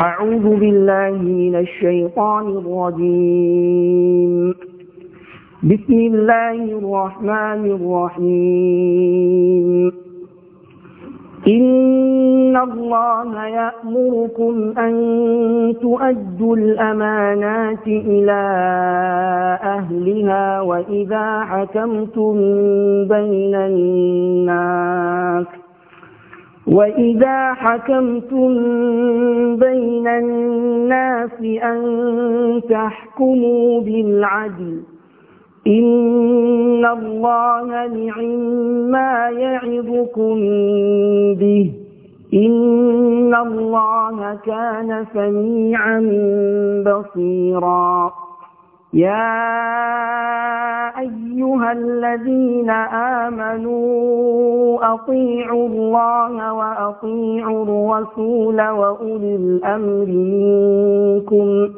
أعوذ بالله من الشيطان الرجيم بسم الله الرحمن الرحيم إن الله يأمركم أن تؤدوا الأمانات إلى أهلها وإذا حكمتم بين الناس وإذا حكمتم بين الناس أن تحكموا بالعدل إن الله نعم ما يعظكم به إن الله كان سميعا بصيراً يا أيها الذين آمنوا أطيعوا الله وأطيعوا الرسول وأولي الأمر منكم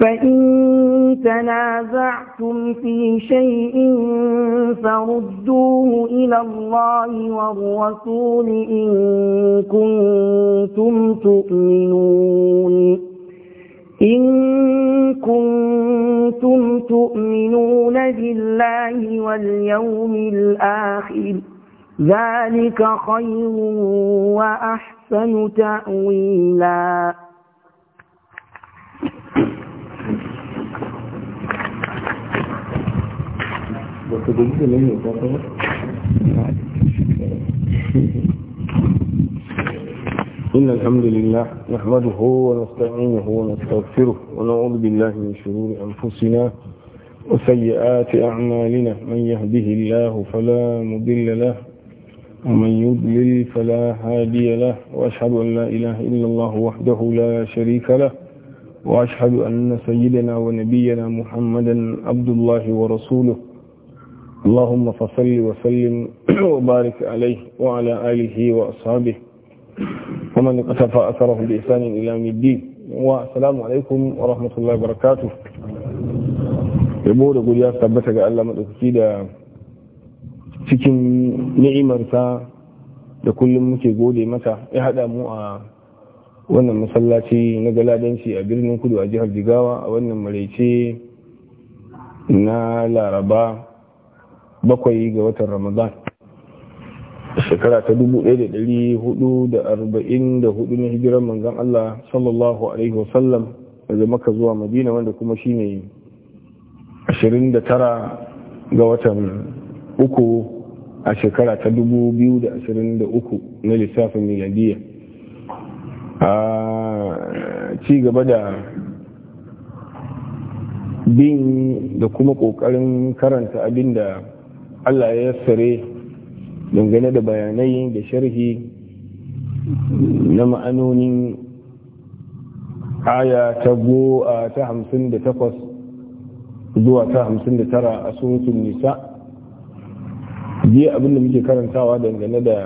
فإن تنازعتم في شيء فردوه إلى الله والرسول إن كنتم تؤمنون إن كنتم تؤمنون بالله واليوم الآخر ذلك خير وأحسن تأويلا Thank you. إن الحمد لله نحمده ونستعينه ونستغفره ونعوذ بالله من شرور أنفسنا وسيئات أعمالنا من يهده الله فلا مضل له ومن يضلل فلا هادي له وأشهد أن لا إله إلا الله وحده لا شريك له وأشهد أن سيدنا ونبينا محمدا عبد الله ورسوله اللهم فصل وسلم وبارك عليه وعلى آله وأصحابه ومن اقتفى أثره بإحسان إلى يوم الدين والسلام alaikum wa rahmatullahi wa barakatu yabo da guri ya tabbata ga Allah madaukaki da cikin ni'imarsa da kullum muke gode mata ya haɗa mu a wannan masallaci na galadanci a birnin kudu a jihar jigawa a wannan maraice na laraba bakwai ga watan ramadan shekara ta 1444 na hijira, manzan Allah sallallahu alaihi wasallam daga maka zuwa madina wanda kuma shi ne 29 ga watan uku a shekara ta 2023 na lissafin miladiyya a ci gaba da bin da kuma kokarin karanta abin da Allah ya yassare dangane da bayanai da sharhi na ma'anonin aya ta goa ta hamsin da takwas zuwa ta hamsin da tara a sunutun nisa biya abinda muke karantawa dangane da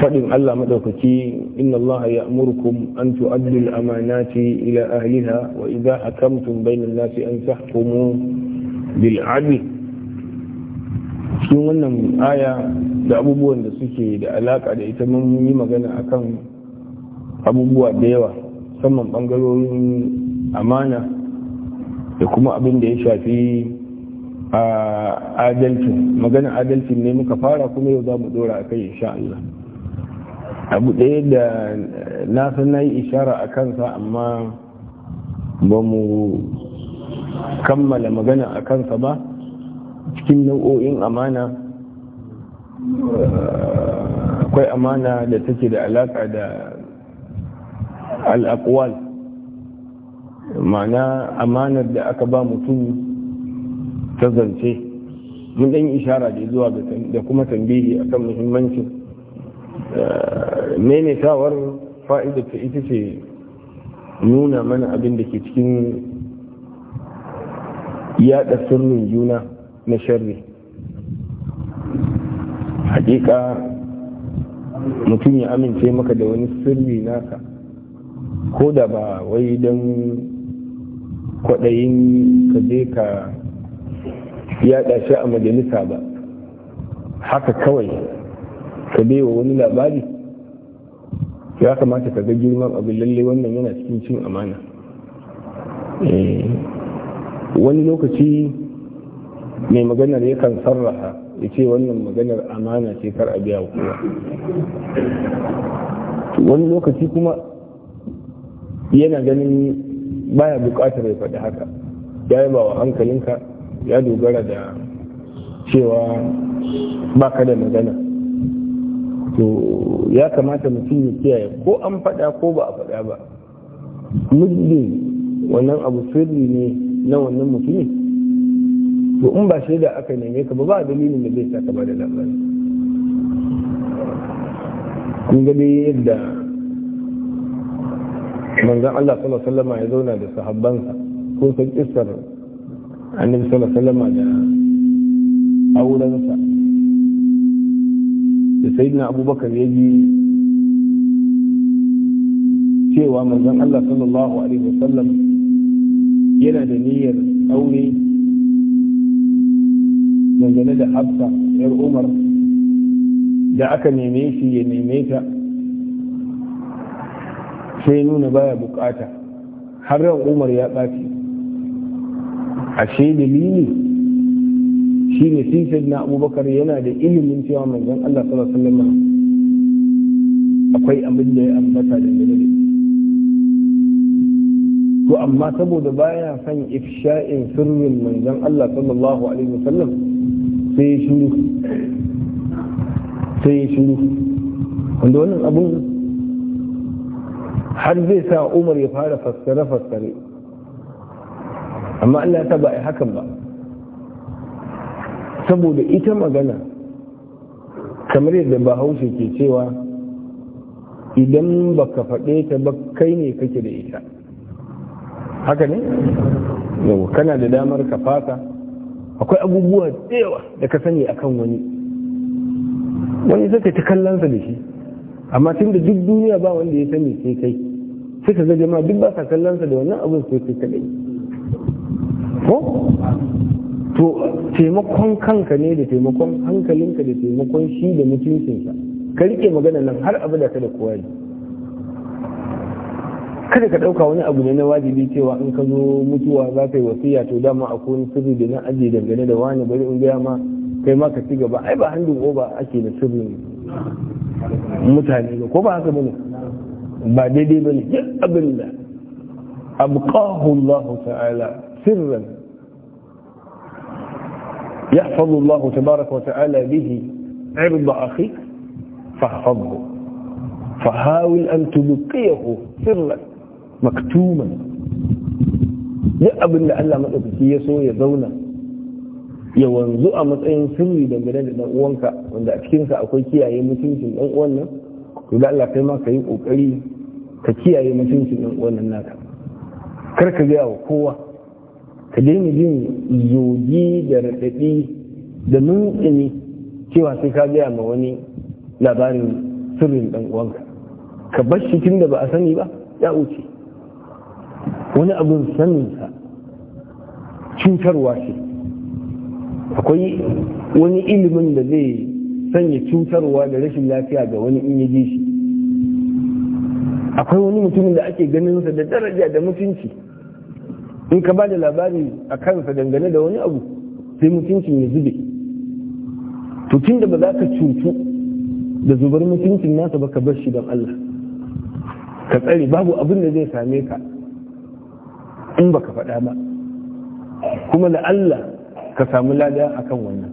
faɗin Allah maɗaukaki inna Allah ya amurkum an tu'addu al-amanati ila ahliha wa idza hakamtum an-nasi an tahkumu bil 'adl cikin wannan aya da abubuwan da suke da alaka da ita mun yi magana akan abubuwa da yawa musamman bangarorin amana da kuma abin da ya shafi a adalcin magana adalcin ne muka fara kuma yau za mu dora a kai insha Allah abu ɗaya da na san na yi ishara a kansa amma ba mu kammala magana a kansa ba cikin nau'o'in amana akwai amana da take da alaƙa da al'akwal ma'ana amanar da aka ba mutum ta zance mun ɗan ishara da zuwa da kuma tambihi akan muhimmanci. Eh, maimaitawar fa'idar ta ita ce nuna mana abin da ke cikin yada sirrin juna na sharri hakika mutum ya amince maka da wani sirri naka ko da ba wai don kwaɗayin ka je ka yaɗa shi a majalisa ba haka kawai ka wa wani labari ya kamata ka ga girman abin lalle wannan yana cikin cin amana eh, wani lokaci mai maganar yakan sarraha ya ce wannan maganar amana ce kar a biya kowa wani lokaci kuma yana ganin baya bukatar ya faɗi haka ya yaba wa hankalinka ya dogara da cewa baka da magana to ya kamata mutum ya kiyaye ko an faɗa ko ba a faɗa ba muddin wannan abu sirri ne na wannan mutumin to in ba shaida aka neme ka ba ba dalilin da zai saka ba da labari kun ga dai yadda manzan Allah sallallahu alaihi wasallam ya zauna da sahabbansa ko san kissar annabi sallallahu alaihi wasallam da aurensa da sayyidina abubakar ya ji cewa manzan Allah sallallahu alaihi wasallam yana da niyyar aure dangane da hafsa yar umar da aka neme shi ya neme ta sai nuna baya bukata har ran umar ya ɓaci ashe dalili shi ne sisir na abubakar yana da ilimin cewa manzon allah sallallahu alaihi akwai abin da ya ambata dangane da to amma saboda baya son ifsha'in sirrin manzon Allah sallallahu alaihi wasallam sai ya shuru sai ya shuru wanda wannan abun har zai sa umar ya fara fassare-fassare amma allah ta ba a hakan ba saboda ita magana kamar yadda bahaushe ke cewa idan baka faɗe ta ba kai ne kake da ita haka ne yau kana da damar ka fasa akwai abubuwa tsewa da ka sani akan wani wani sai ta kallonsa da shi amma tun da duk duniya ba wanda ya sani sai kai sai ka zaje jama'a duk ba sa kallonsa da wannan abin sai kai kadai ko to taimakon kanka ne da taimakon hankalinka da taimakon shi da mutuncinsa ka rike magana nan har abu da ka da kowa ne kada ka dauka wani abu ne na wajibi cewa in ka zo mutuwa za ka yi wasiya to dama a wani sirri da na aji dangane da wani bari in gaya ma kai ma ka ci gaba ai ba handin oba ake da sirrin mutane ba ko ba haka bane ba daidai bane duk abin da abqahu Allah ta'ala sirran yahfazu Allah tabaraka wa ta'ala bihi 'irda akhik fahfazhu فحاول أن تبقيه سرا maktuman duk abin da Allah maɗaukaki ya so ya zauna ya wanzu a matsayin sirri dangane da dan uwanka wanda a cikinsa akwai kiyaye mutuncin dan uwan nan to da Allah kai ma ka yi kokari ka kiyaye mutuncin dan uwan nan naka kar ka ga wa kowa ka daina jin zogi da raɗaɗi da nuntsini cewa sai ka gaya ma wani labarin sirrin dan uwanka ka bar shi tun da ba a sani ba ya wuce wani abin saninsa cutarwa ce akwai wani ilimin da zai sanya cutarwa da rashin lafiya ga wani in ya ji shi akwai wani mutumin da ake ganinsa da daraja da mutunci in ka ba da labari a kansa dangane da wani abu sai mutuncin ya zube to tun da ba za ka cutu da zubar mutuncin nasa ba ka bar shi don Allah ka tsare babu abin da zai same ka in ba ka faɗa ba kuma da Allah ka samu lada akan wannan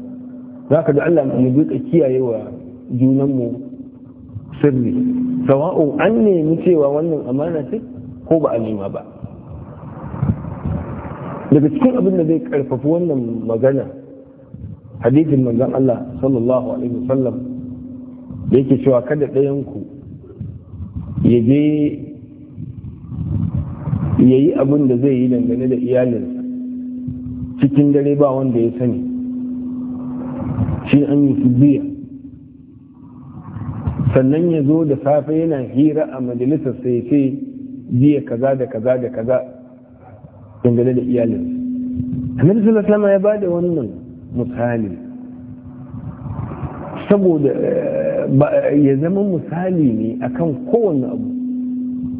za ka da Allah mu duka kiyaye wa junanmu sirri sawa'u an nemi cewa wannan amana ce ko ba a nema ba daga cikin abin da zai karfafi wannan magana hadithin manzon Allah sallallahu alaihi wasallam da yake cewa kada ɗayan ku ya je ya yi abin da zai yi dangane da iyalinsa cikin dare ba wanda ya sani shi an yi biya sannan ya zo da safe yana hira a majalisar sai ce jiya kaza da kaza da kaza dangane da iyalinsa annabi sallallahu ya ba da wannan misali saboda eh, ya zama misali ne akan kowane abu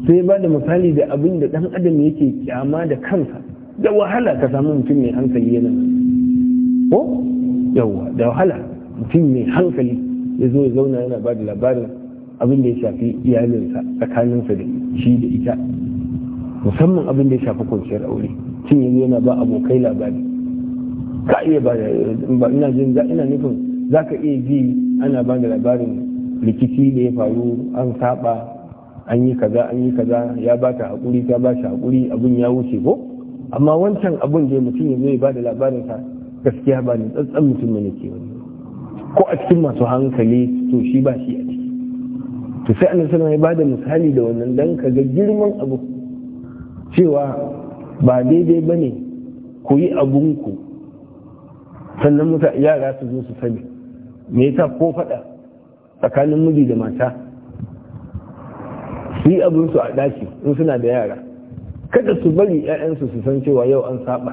sai ba da misali da abin da ɗan adam yake kyama da kansa da wahala ka samu mutum mai hankali yana ko yawa da wahala mutum mai hankali ya zo ya zauna yana ba da labarin abin da ya shafi iyalinsa tsakaninsa da shi da ita musamman abin da ya shafi kwanciyar aure cin yanzu yana ba abokai labari ka iya ba ina jin ina nufin za ka iya ji ana ba da labarin rikici da ya faru an saba an yi kaza an yi kaza ya ba ta haƙuri ta ba shi haƙuri abin ya wuce ko amma wancan abin da mutum ya zai ba da labarin sa gaskiya ba tsatsan tsantsan mutum ne ke wani ko a cikin masu hankali to shi ba shi a ciki to sai annabi sallallahu ya bada misali da wannan dan ka ga girman abu cewa ba daidai bane ku yi abun ku. sannan yara su zo su sani me yasa ko faɗa tsakanin miji da mata yi abinsu a daki in suna da yara kada su bari 'ya'yansu su san cewa yau an saba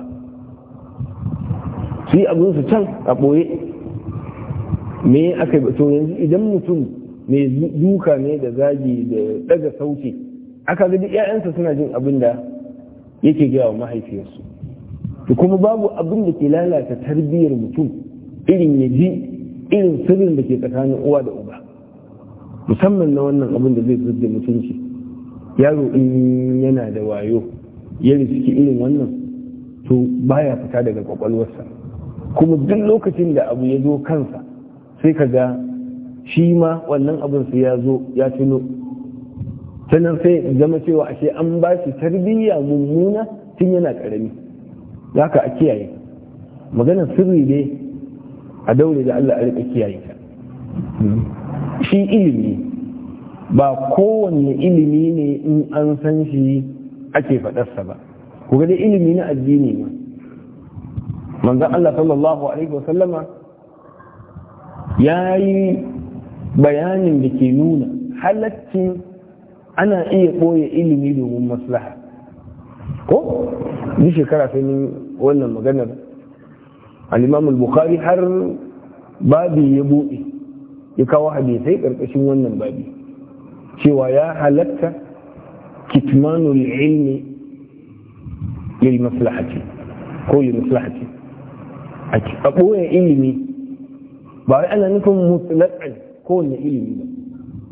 su yi abinsu can a ɓoye me aka yi to yanzu idan mutum mai duka ne da zagi da daga sauke aka ga duk 'ya'yansa suna jin abin da yake gaya wa mahaifiyarsu kuma babu abin da ke lalata tarbiyyar mutum irin ya ji irin sirrin da ke tsakanin uwa da uba musamman na wannan abin da zai da mutunci yaro in yana da wayo ya riski irin wannan to baya fita daga kwakwalwarsa kuma duk lokacin da abu ya zo kansa sai ka ga shi ma wannan abin su ya zo ya tuno sannan sai zama cewa ashe an ba shi tarbiyya mummuna tun yana karami za ka a kiyaye maganar sirri ne a daure da Allah a riƙa kiyaye ta shi ilimi ba kowanne ilimi ne in an san shi ake faɗarsa ba ku gani ilimi na addini ne manzan Allah sallallahu alaihi wasallama ya yi bayanin da ke nuna halaccin ana iya ɓoye ilimi domin maslaha ko ni shekara sai ni wannan maganar al-imam al-bukhari har babi ya buɗe ya kawo hadisai ƙarƙashin wannan babi cewa ya halatta kitmanul ilmi lil maslahati ko lil maslahati a ɓoye ilimi ba wai ana nufin ko kowane ilimi ba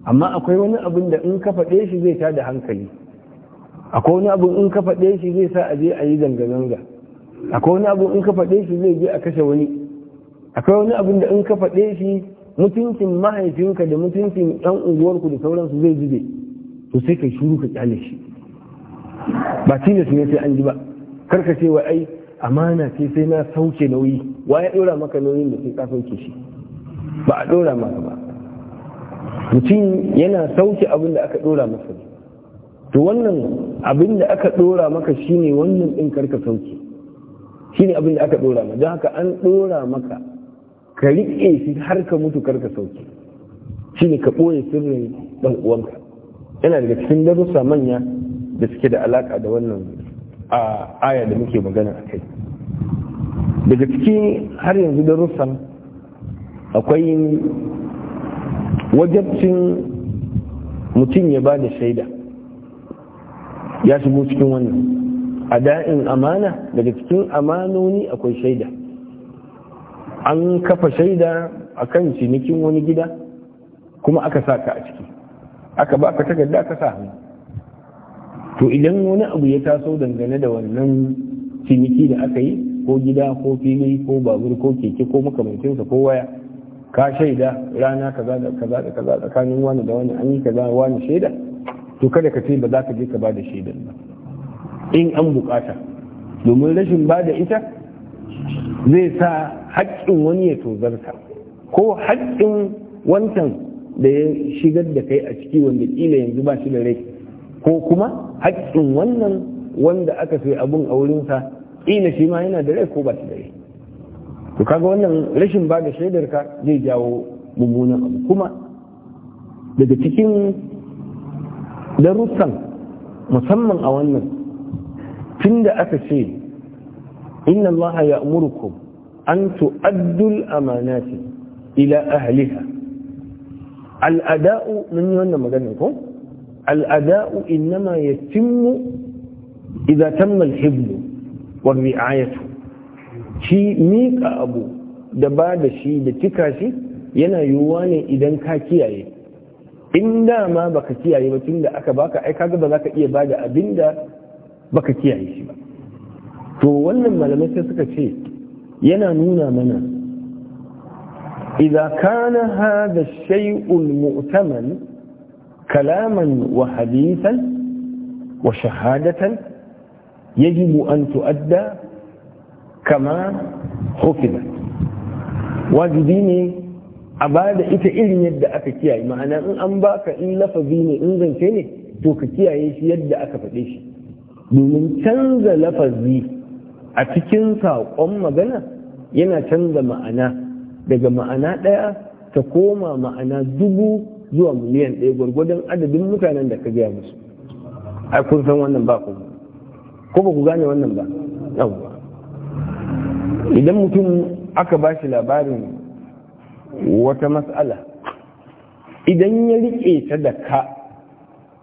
amma akwai wani abin da in ka faɗe shi zai tada hankali akwai wani abu in ka faɗe shi zai sa a je a yi zanga-zanga akwai wani abu in ka faɗe shi zai je a kashe wani akwai wani abin da in ka faɗe shi mutuncin mahaifinka da mutuncin yan unguwarku da sauransu zai zube to sai kai shuru ka kyale shi ba su ne sai an ji ba karka ce wa ai amana ce sai na sauke nauyi wa ya dora maka nauyin da sai ka sauke shi ba a dora maka ba mutum yana sauke abin da aka dora masa to wannan abin da aka dora maka shine wannan din karka sauke shine abin da aka dora maka don haka an dora maka ka riƙe shi har ka mutu kar ka sauke shi ne ka ɓoye sirrin ɗan uwanka yana daga cikin darussa manya da suke da alaƙa da wannan a aya da muke magana a kai daga ciki har yanzu darussan akwai wajabcin mutum ya ba da shaida ya shigo cikin wannan a da'in amana daga cikin amanoni akwai shaida an kafa shaida a kan cinikin wani gida kuma aka sa ka a ciki aka ba ka takarda ka sa hannu to idan wani abu ya taso dangane da wannan ciniki da aka yi ko gida ko fili ko babur ko keke ko makamancinsa ko waya ka shaida rana kaza da kaza da kaza tsakanin wani da wani an yi kaza wani shaida to kada ka ce ba za ka je ka ba da shaidan ba in an bukata domin rashin ba da ita zai sa haƙƙin wani ya tozarta ko haƙƙin wancan da ya shigar da kai a ciki wanda ƙila yanzu ba shi da rai ko kuma haƙƙin wannan wanda aka sai abun a wurinsa ƙila shi ma yana da rai ko ba shi da rai to kaga wannan rashin ba da shaidar ka zai jawo mummunan abu kuma daga cikin darussan musamman a wannan tunda aka ce inna allaha ya'murukum an tu'addul amanati ila ahliha al'ada'u mun yi wannan magana ko al'ada'u innama yatimmu idza tamma al-hiblu wa ri'ayatu shi miƙa abu da ba da shi da cika shi yana yiwuwa ne idan ka kiyaye in dama baka kiyaye ba tun da aka baka aika kaga ba za ka iya bada abinda da baka kiyaye shi to wannan malamai sai suka ce yana nuna mana إذا كان هذا الشيء المؤتمن كلاما وحديثا وشهادة يجب أن تؤدى كما حفظ واجبيني أبادة إتا إلي يدى أكتيا معنى أن أنباك إن لفظيني إن ذنكيني توكتيا يدى أكتيا دون تنزى لفظيني a cikin saƙon magana yana canza ma'ana daga ma'ana ɗaya ta koma ma'ana dubu zuwa miliyan ɗaya gwargwadon adadin mutanen da ka gaya musu a kun san wannan ba ku ko ba ku gane wannan ba yawwa idan mutum aka ba shi labarin wata matsala idan ya riƙe ta da ka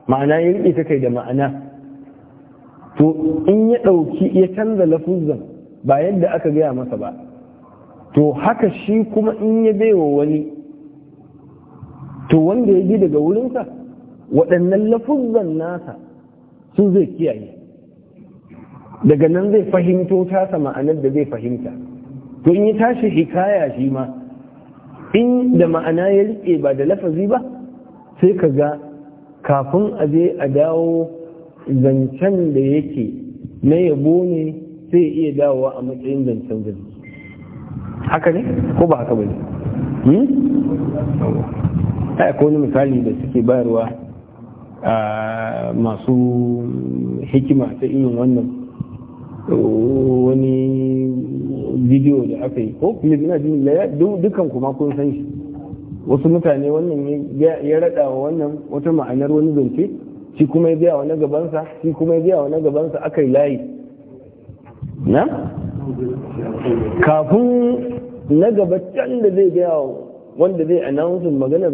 ma'ana ya riƙe ta kai da ma'ana to in ya ɗauki ya canza lafuzan ba yadda aka gaya masa ba to haka shi kuma in ya baiwa wani to wanda ya ji daga wurinsa waɗannan lafuzan nasa sun zai kiyaye daga nan zai fahimto tasa ma'anar da zai fahimta to in ya tashi hikaya shi ma in da ma'ana ya riƙe ba da lafazi ba sai ka ga kafin a je a dawo zancen da yake na yabo ne sai iya dawowa a matsayin zancen zai haka ne ko ba haka ba ne ta hmm? ko wani misali da suke bayarwa masu hikima ta irin wannan wani bidiyo da aka yi ko filip na jin dukan kuma kun san shi wasu mutane wannan ya raɗa wa wannan wata ma'anar wani zance shi kuma ya gaya wani na gabansa shi kuma ya gaya wani gabansa aka yi layi na kafin na gaba can da zai gaya wanda zai announcing maganar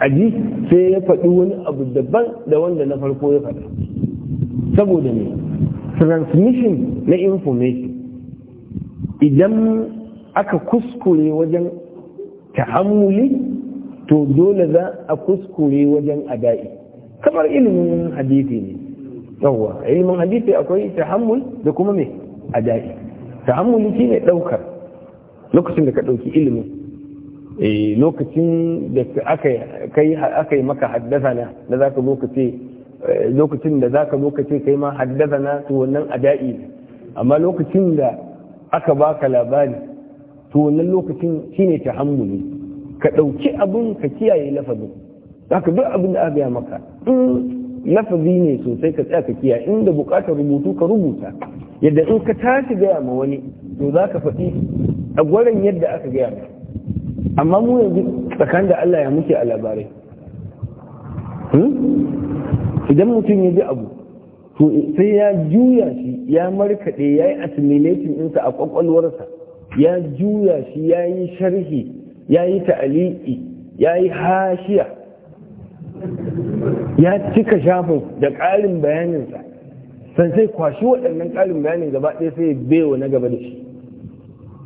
aji sai ya faɗi wani abu daban da wanda na farko ya faɗa saboda ne transmission na information idan aka kuskure wajen ta'ammuli to dole za a kuskure wajen ada'i kamar ilimin hadisi ne yawwa ilimin hadisi akwai tahammul da kuma me adai shi ne daukar lokacin da ka dauki ilimin eh lokacin da aka kai aka yi maka haddasa na da zaka zo ka ce eh, lokacin da zaka zo ka ce kai ma haddasa na to wannan adai amma lokacin da aka baka labari to wannan lokacin shine tahammuli ka dauki abun ka kiyaye lafazin zaka duk abin da aka gaya maka in lafazi ne sosai ka tsaya ka kiya inda bukatar rubutu ka rubuta yadda in ka tashi gaya ma wani to za ka faɗi a gwaran yadda aka gaya ma amma mu yanzu tsakanin da Allah ya muke a labarai hmm? idan mutum ya ji abu to sai ya juya shi ya markaɗe ya yi assimilating ɗinsa a ƙwaƙwalwarsa ya juya shi ya yi sharhi ya yi ta'aliki ya yi hashiya ya cika shafin da ƙarin bayaninsa san sai kwashi waɗannan ƙarin bayanin gaba ɗaya sai bewa na gaba da shi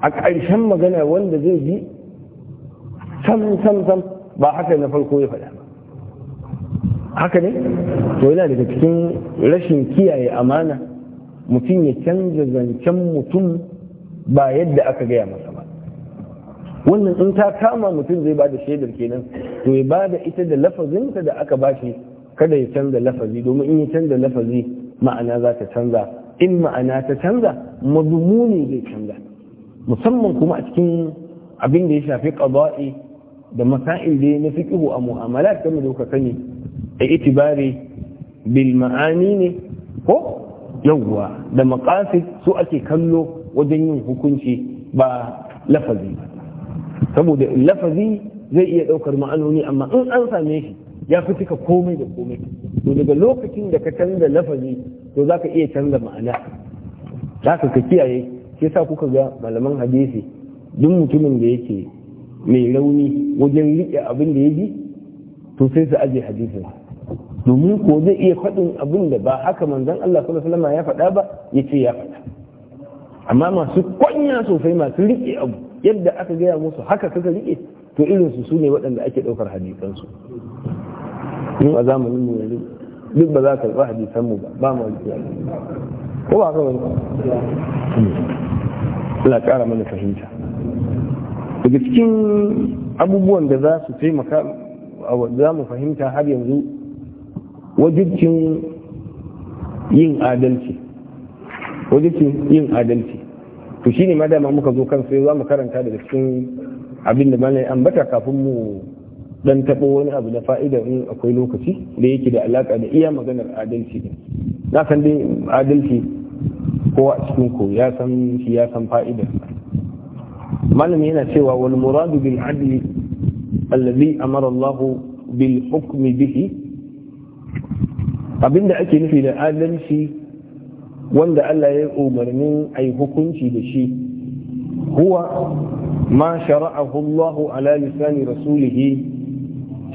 a ƙarshen magana wanda zai ji sam sam sam ba haka na farko ya faɗa ba haka ne to yana daga cikin rashin kiyaye amana mutum ya canza zancen mutum ba yadda aka gaya masa wannan in ta kama mutum zai ba da shaidar kenan to ya ba da ita da lafazinta da aka ba shi kada ya canza lafazi domin in ya canza lafazi ma'ana za ta canza in ma'ana ta canza mazumuni zai canza musamman kuma a cikin abin da ya shafi qada'i da masail da na fiqhu a mu'amalat kamar da kuka sani a itibari bil ma'ani ne ko yawwa da maqasid su ake kallo wajen yin hukunci ba lafazi ba saboda lafazi zai iya ɗaukar ma'anoni amma in an same shi ya fi cika komai da komai to daga lokacin da ka canza lafazi to za ka iya canza ma'ana za ka ka kiyaye shi sa kuka ga malaman hadisi duk mutumin da yake mai rauni wajen riƙe abin da ya ji to sai su aje hadisin domin ko zai iya faɗin abin da ba haka manzon Allah sallallahu alaihi ya faɗa ba ya ce ya faɗa amma masu kwanya sosai masu riƙe abu yadda aka gaya musu haka kaka rike to irinsu su ne waɗanda ake ɗaukar hadisansu in a zamanin mu yanzu duk ba za ka karɓi hadisan mu ba ba mu ko ba kawai Allah ƙara mana fahimta daga cikin abubuwan da za su taimaka za mu fahimta har yanzu wajibcin yin adalci wajibcin yin adalci to shine ma dama muka zo kan sai za mu karanta daga cikin abin da malai ambata kafin mu dan tabo wani abu na fa'ida in akwai lokaci da yake da alaka da iya maganar adalci na san dai adalci kowa a cikin ku ya san shi ya san fa'idar malami yana cewa wal muradu bil adli alladhi amara Allah bil hukmi bihi abinda ake nufi da adalci wanda Allah ya umarnin a yi hukunci da shi huwa ma shara'ahu Allah ala lisani rasulihi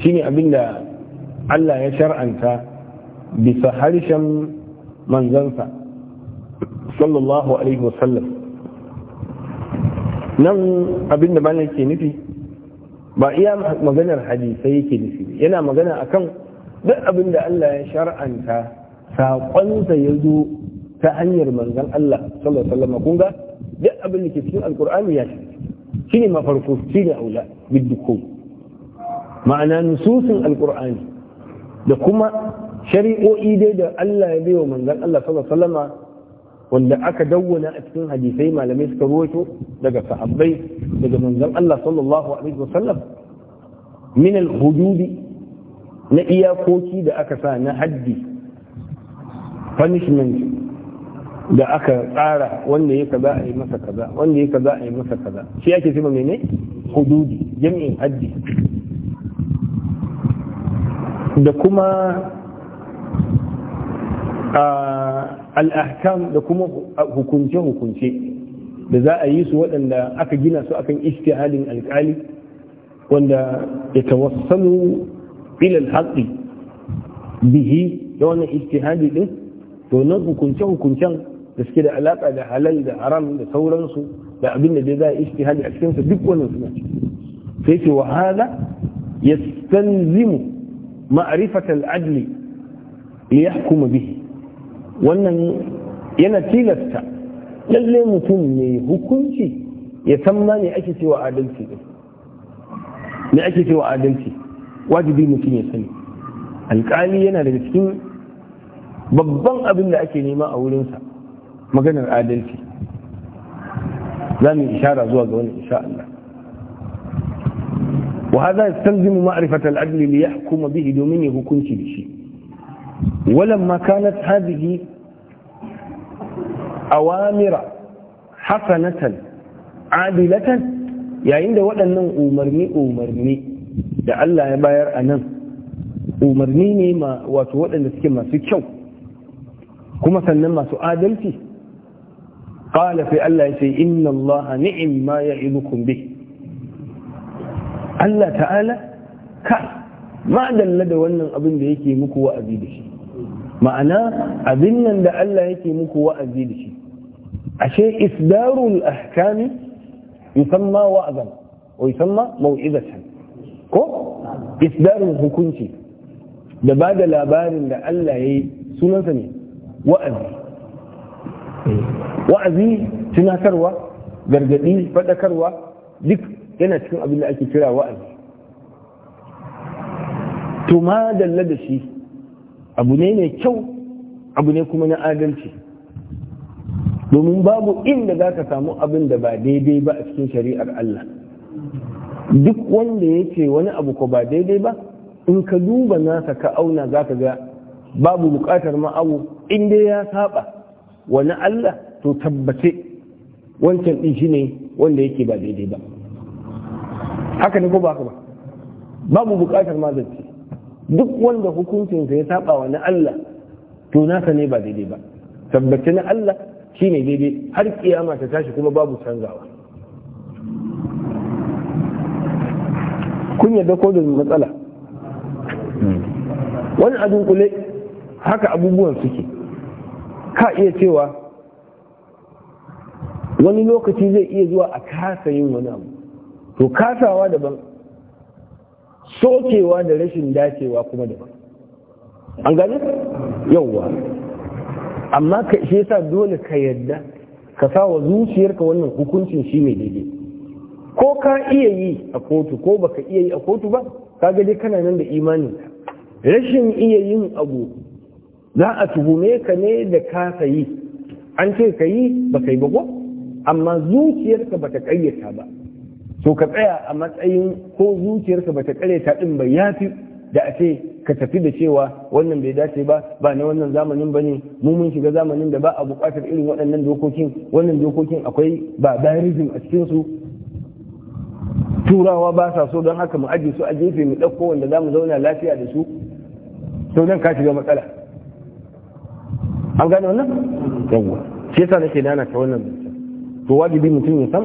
shine abinda Allah ya shar'anta bisa harshen manzansa sallallahu alaihi wasallam nan abinda malam ke nufi ba iya maganar hadisai yake nufi yana magana akan duk abinda Allah ya shar'anta saƙonsa ya zo ta hanyar manzon Allah sallallahu alaihi wasallam kun ga duk abin da ke cikin alqur'ani ya ne mafarko shine aula biddukum ma'ana nususin alqur'ani da kuma shari'o'i dai da Allah ya baiwa manzon Allah sallallahu alaihi wasallam wanda aka dawwana a cikin hadisai malamai suka ruwaito daga sahabbai daga manzon Allah sallallahu alaihi wasallam min al-hududi na iyakoki da aka sa na haddi punishment da aka tsara wanda ya za a yi masa kaza wanda ya za a yi masa kaza shi ake cewa mene hududi jami'in haddi da kuma al'ahkam da kuma hukunce-hukunce da za a yi su waɗanda aka gina su akan istihadin alkali, wanda ya tawassalu ilal haƙi bihi da wannan istihadi ɗin to nan hukunce-hukuncen da suke da alaka da halal da haram da sauransu da abin da dai za a a cikinsa duk wannan suna ci sai ce wa hada yastanzimu ma'rifat al-adl li yahkuma bihi wannan yana tilasta lalle mutum mai hukunci ya san ma ake cewa adalci din ake cewa adalci wajibi mutum ya sani alƙali yana daga cikin babban abin da ake nema a wurinsa maganar adalci za mu ishara zuwa ga wani insha Allah wa hadha yastalzimu ma'rifata al-adl li yahkuma bihi domin ya hukunci da shi walamma kanat hadhihi awamira hasanatan adilatan yayin da waɗannan umarni umarni da Allah ya bayar a nan umarni ne wato waɗanda suke masu kyau kuma sannan masu adalci qala fi Allah ya ce inna Allah ni'im ma ya'idukum bi Allah ta'ala ka ma dalla da wannan abin da yake muku wa'azi da shi ma'ana abin nan da Allah yake muku wa'azi da shi ashe isdarul ahkami yusamma wa'azan wa yusamma mau'izatan ko isdarul hukunci da ba da labarin da Allah ya yi sunansa ne wa'azi wa'azi tunatarwa gargaɗi faɗakarwa duk yana cikin abin da ake kira wa'azi to ma dalla da shi abu ne mai kyau abu ne kuma na adalci domin babu inda za ka samu abin da ba daidai ba a cikin shari'ar Allah duk wanda ya ce wani abu ko ba daidai ba in ka duba nasa ka auna za ka ga babu bukatar ma'awu in dai ya saba wani Allah to tabbace wancan shi shine wanda yake ba daidai ba haka ne ko ba haka ba babu bukatar mazanci duk wanda hukuncinsa ya saba wa na Allah to nasa ne ba daidai ba tabbace na Allah shi ne daidai har kiyama ta tashi kuma babu canzawa kun yarda ko da matsala hmm. wani abin kule haka abubuwan suke ka iya cewa wani lokaci zai iya zuwa a kasa yin wani abu to kasawa daban sokewa da rashin dacewa kuma daban an gane yauwa amma ka shi yasa dole ka yadda ka sa wa zuciyarka wannan hukuncin shi mai daidai ko ka iya yi a kotu ko baka iya yi a kotu ba ka dai kana nan da imanin rashin iya yin abu za a tuhume ka ne da ka sayi an ce ka yi ba ka yi ba ko amma zuciyarka ba ta ƙayyata ba to ka tsaya a matsayin ko zuciyarka ba ta ƙayyata ɗin ba ya fi da a ce ka tafi da cewa wannan bai dace ba ba na wannan zamanin ba ne mu mun shiga zamanin da ba a buƙatar irin waɗannan dokokin wannan dokokin akwai ba bayanism a su turawa ba sa so don haka mu aje su a gefe mu ɗauko wanda za mu zauna lafiya da su sau don ka shiga matsala an gane wannan yawwa shi yasa nake nana ta wannan to wajibi mutum ya san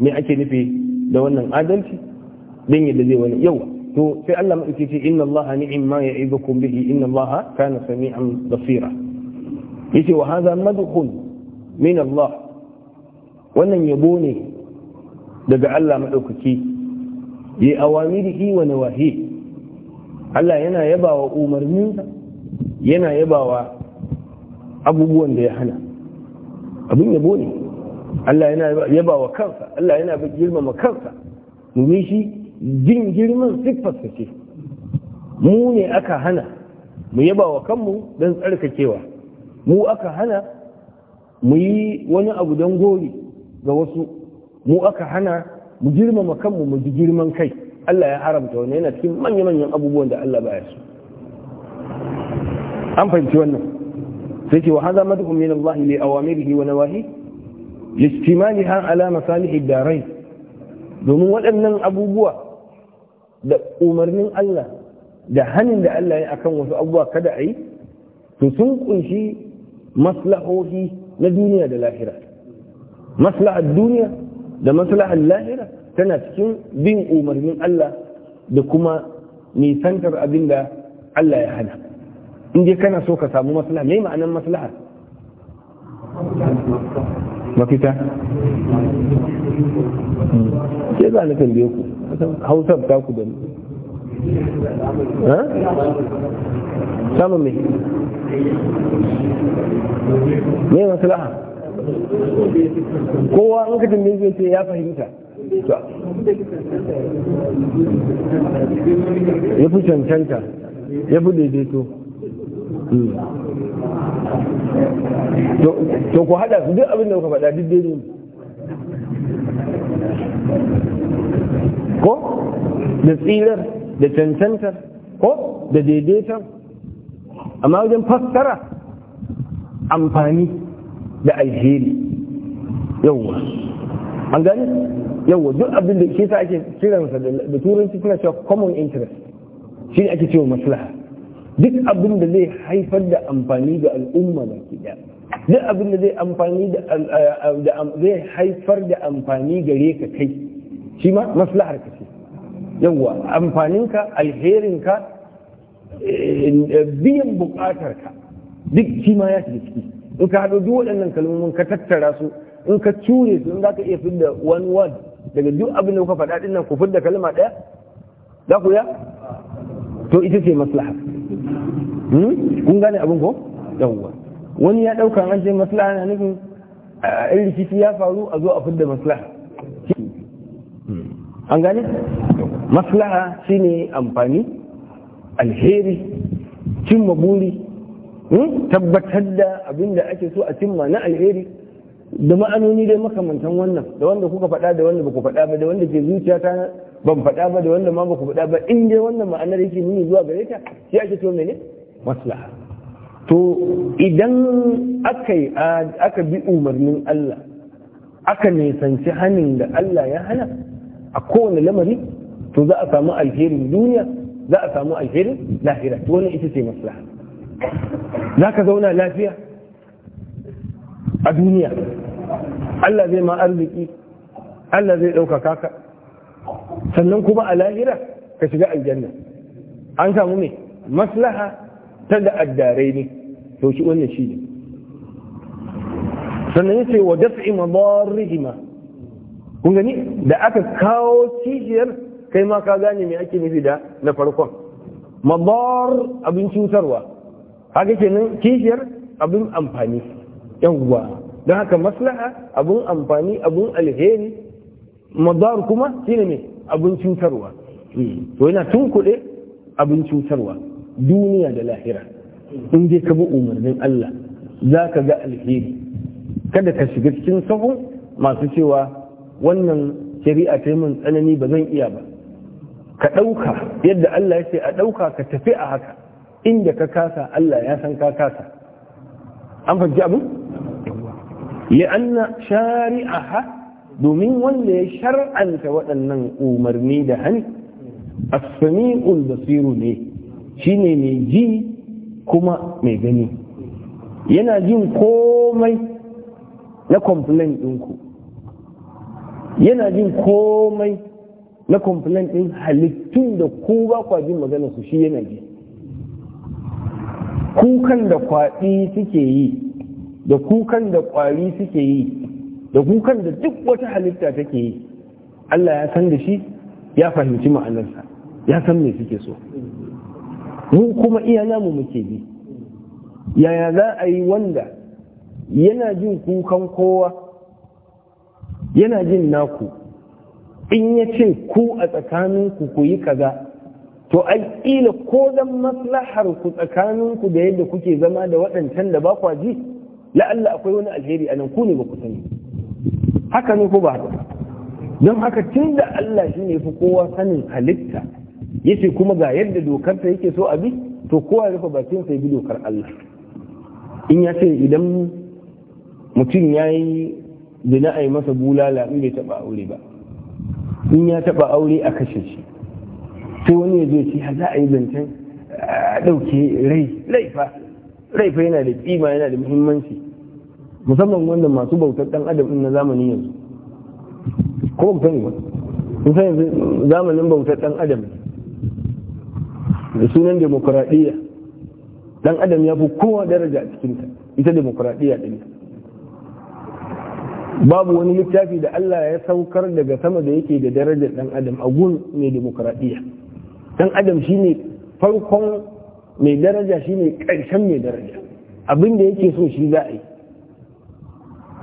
me ake nufi da wannan adalci dan yadda zai wani yawwa to sai Allah mu ce inna Allah ni'ma ya'idukum bihi inna Allah kana sami'an basira yace wa hadha madhun min Allah wannan yabo ne daga Allah maɗaukaki ya awamirihi wa nawahi Allah yana yabawa umarninsa yana yabawa abubuwan da ya hana abin yabo ne Allah yana yaba wa kansa Allah yana girmama kansa domin shi jin girman siffarsa ce mu ne aka hana mu yaba wa kanmu don tsarkakewa mu aka hana mu yi wani abu don gori ga wasu mu aka hana mu girmama kanmu mu ji girman kai Allah ya haramta wani yana cikin manya-manyan abubuwan da Allah baya so an fahimci wannan sai ce wa hadha madhum min Allah li awamirihi wa nawahi listimaliha ala masalihi darai domin waɗannan abubuwa da umarnin Allah da hannun da Allah ya akan wasu abubuwa kada a yi to sun kunshi maslahohi na duniya da lahira maslahar duniya da maslahar lahira tana cikin bin umarnin Allah da kuma nisantar abin da Allah ya hana in dai kana so ka samu maslaha me ma'anan maslaha mafita hmm. ke za na tambaye ku Hausa ta ku da ni samun me me maslaha kowa an ka tambaye zai ce ya fahimta ya fi cancanta ya fi daidaito to ku hada su duk abin da kuka faɗa duk dai ne ko da tsirar da cancantar ko da daidaitar amma wajen fassara amfani da alheri yawwa an gani yawwa duk abin da ke sa ake kiransa da turanci suna cewa common interest shi ne ake cewa maslaha duk abin da zai haifar da amfani ga al'umma da daya duk abin da zai amfani da zai haifar da amfani gare ka kai shi ma maslahar ka ce yawwa amfaninka alherinka eh, biyan bukatarka duk shi ma ya shiga ciki in ka haɗo duk waɗannan kalmomin ka tattara su in ka cure su in za ka iya fidda one word daga duk abin da kuka faɗa ɗin nan ku fidda kalma ɗaya za ku ya to ita ce maslaha kun gane abin ko yawwa wani ya ɗauka an ce maslaha na nufin a rikici ya faru a zo a fidda maslaha an gane maslaha shine amfani alheri cimma buri hmm? tabbatar da abin da ake so a cimma na alheri da ma'anoni dai makamantan wannan da wanda kuka faɗa da wanda ba ku faɗa ba da wanda ke zuciya ta ban faɗa ba da wannan ma ba ku faɗa ba in dai wannan ma'anar yake nuni zuwa gare ta sai ake to mene maslaha to idan aka aka bi umarnin Allah aka nisanci hanin da Allah ya hana a kowane lamari to za a samu alherin duniya za a samu alherin lahira to wannan ita ce maslaha za ka zauna lafiya a duniya Allah zai ma arziki Allah zai ɗauka kaka. sannan kuma a lahira ka shiga aljanna an samu ne maslaha ta da addarai ne to shi wannan shi ne sannan yace wa daf'i madarrihima kun gani da aka kawo kishiyar kai ma ka gane me ake nufi da na farkon madar abin cutarwa haka kenan kishiyar abin amfani uwa. don haka maslaha abin amfani abin alheri madar kuma shine ne abin cutarwa to yana kuɗe abin cutarwa duniya da lahira in dai ka bi umarnin Allah za ka ga alheri kada ka shiga cikin sahun masu cewa wannan shari'a ta min tsanani ba zan iya ba ka ɗauka yadda Allah ya ce a ɗauka ka tafi a haka inda ka kasa Allah ya san ka kasa an fahimci abin shari'a shari'aha domin wanda ya shar'anta waɗannan umarni da hannu. a samiul basiru ne shine mai ji kuma mai gani yana jin komai na komplain ɗinku yana jin komai na komplain ɗin halittun da ku ba kwa jin magana su shi yana ji kukan da kwaɗi suke yi da kukan da ƙwari suke yi da kukan da duk wata halitta take yi Allah ya san da shi ya fahimci ma'anarsa ya san me suke so mu kuma iya namu muke bi yaya za a yi wanda yana jin kukan kowa yana jin naku in ya ce ku a tsakaninku ku yi kaza to ai kila ko dan maslahar ku tsakaninku da yadda kuke zama da waɗancan da ba kwa ji la'alla akwai wani alheri anan ku ne ba ku sani haka ne ko ba don haka tun da Allah shi ne fi kowa sanin halitta yace kuma ga yadda dokar yake so a bi to kowa rufe bakin sai bi dokar Allah in ya ce idan mutum ya yi zina a yi masa bulala in bai taba aure ba in ya taba aure a kashe shi sai wani ya zo ce ha za a yi zancen a ɗauke rai laifa laifa yana da kima yana da muhimmanci musamman wannan masu bautar dan adam din na zamani yanzu ko ba sani ba sai yanzu zamanin bautar dan adam da sunan demokradiyya dan adam ya fi kowa daraja a cikin ta ita demokradiyya din babu wani littafi da Allah ya saukar daga sama da yake da darajar dan adam a gun mai demokradiyya dan adam shine farkon mai daraja shine karshen mai daraja abin da yake so shi za a yi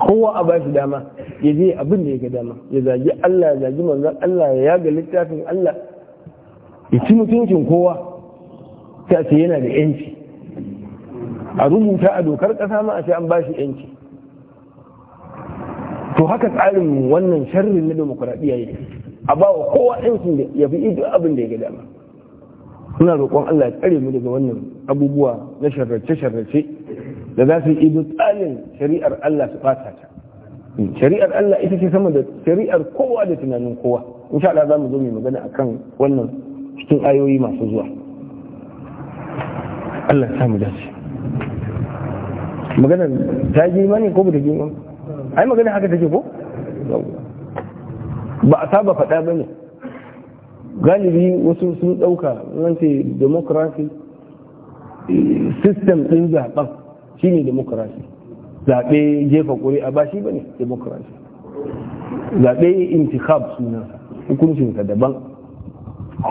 kowa a ba shi dama ya je abin da ya ga dama ya zagi Allah ya zagi manzon Allah ya yaga littafin Allah ya ci mutuncin kowa ta ce yana da yanci a rubuta a dokar kasa ma a ce an ba shi yanci to haka tsarin wannan sharrin na demokuraɗiyya yake a ba wa kowa yancin da ya fi ido abin da ya ga dama suna roƙon Allah ya tsare mu daga wannan abubuwa na sharrace-sharrace da za su yi ibtalin shari'ar Allah su fata ta shari'ar Allah ita ce sama da shari'ar kowa da tunanin kowa sha Allah za mu zo mu magana a kan wannan cikin ayoyi masu zuwa Allah ya samu dace magana ta yi mani ko ba ta ji mani ai magana haka take ko ba a saba faɗa ba ne galibi wasu sun ɗauka zan ce system ɗin zaɓen Shi ne demokrasi zaɓe jefa a ba shi ne demokrasi zaɓe intikhab suna hukuncinsa daban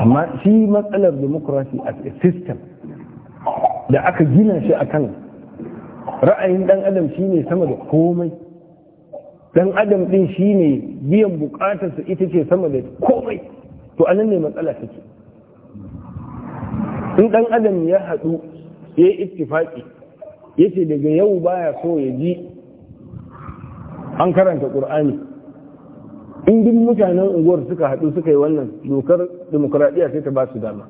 amma shi matsalar demokrasi as a system da aka gina shi akan ra'ayin dan adam shi ne sama da komai dan adam ɗin shi ne biyan buƙatarsa ita ce sama da komai to anan ne matsala take in dan adam ya haɗu ya yi ittifaki yace daga yau baya so ya ji an karanta ƙur'ani in duk mutanen unguwar suka haɗu suka yi wannan dokar demokuraɗiyya sai ta ba su dama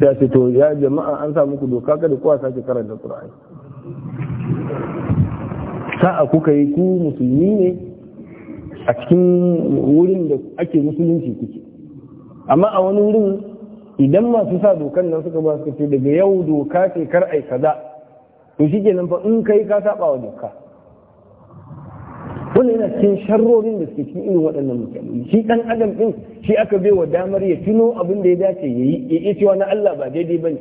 sai ce to ya jama'a an sa muku doka kada kowa sake karanta ƙur'ani sa'a kuka yi ku musulmi ne a cikin wurin da ake musulunci kuke amma a wani wurin idan masu sa dokan nan suka ba su ce daga yau doka ce kar ai kaza to shi nan fa in kai ka saba wa doka wani yana cikin sharrorin da suke cikin irin waɗannan mutane shi ɗan adam ɗin shi aka bai wa damar ya tuno abin da ya dace ya yi ya iya cewa na Allah ba daidai ba ne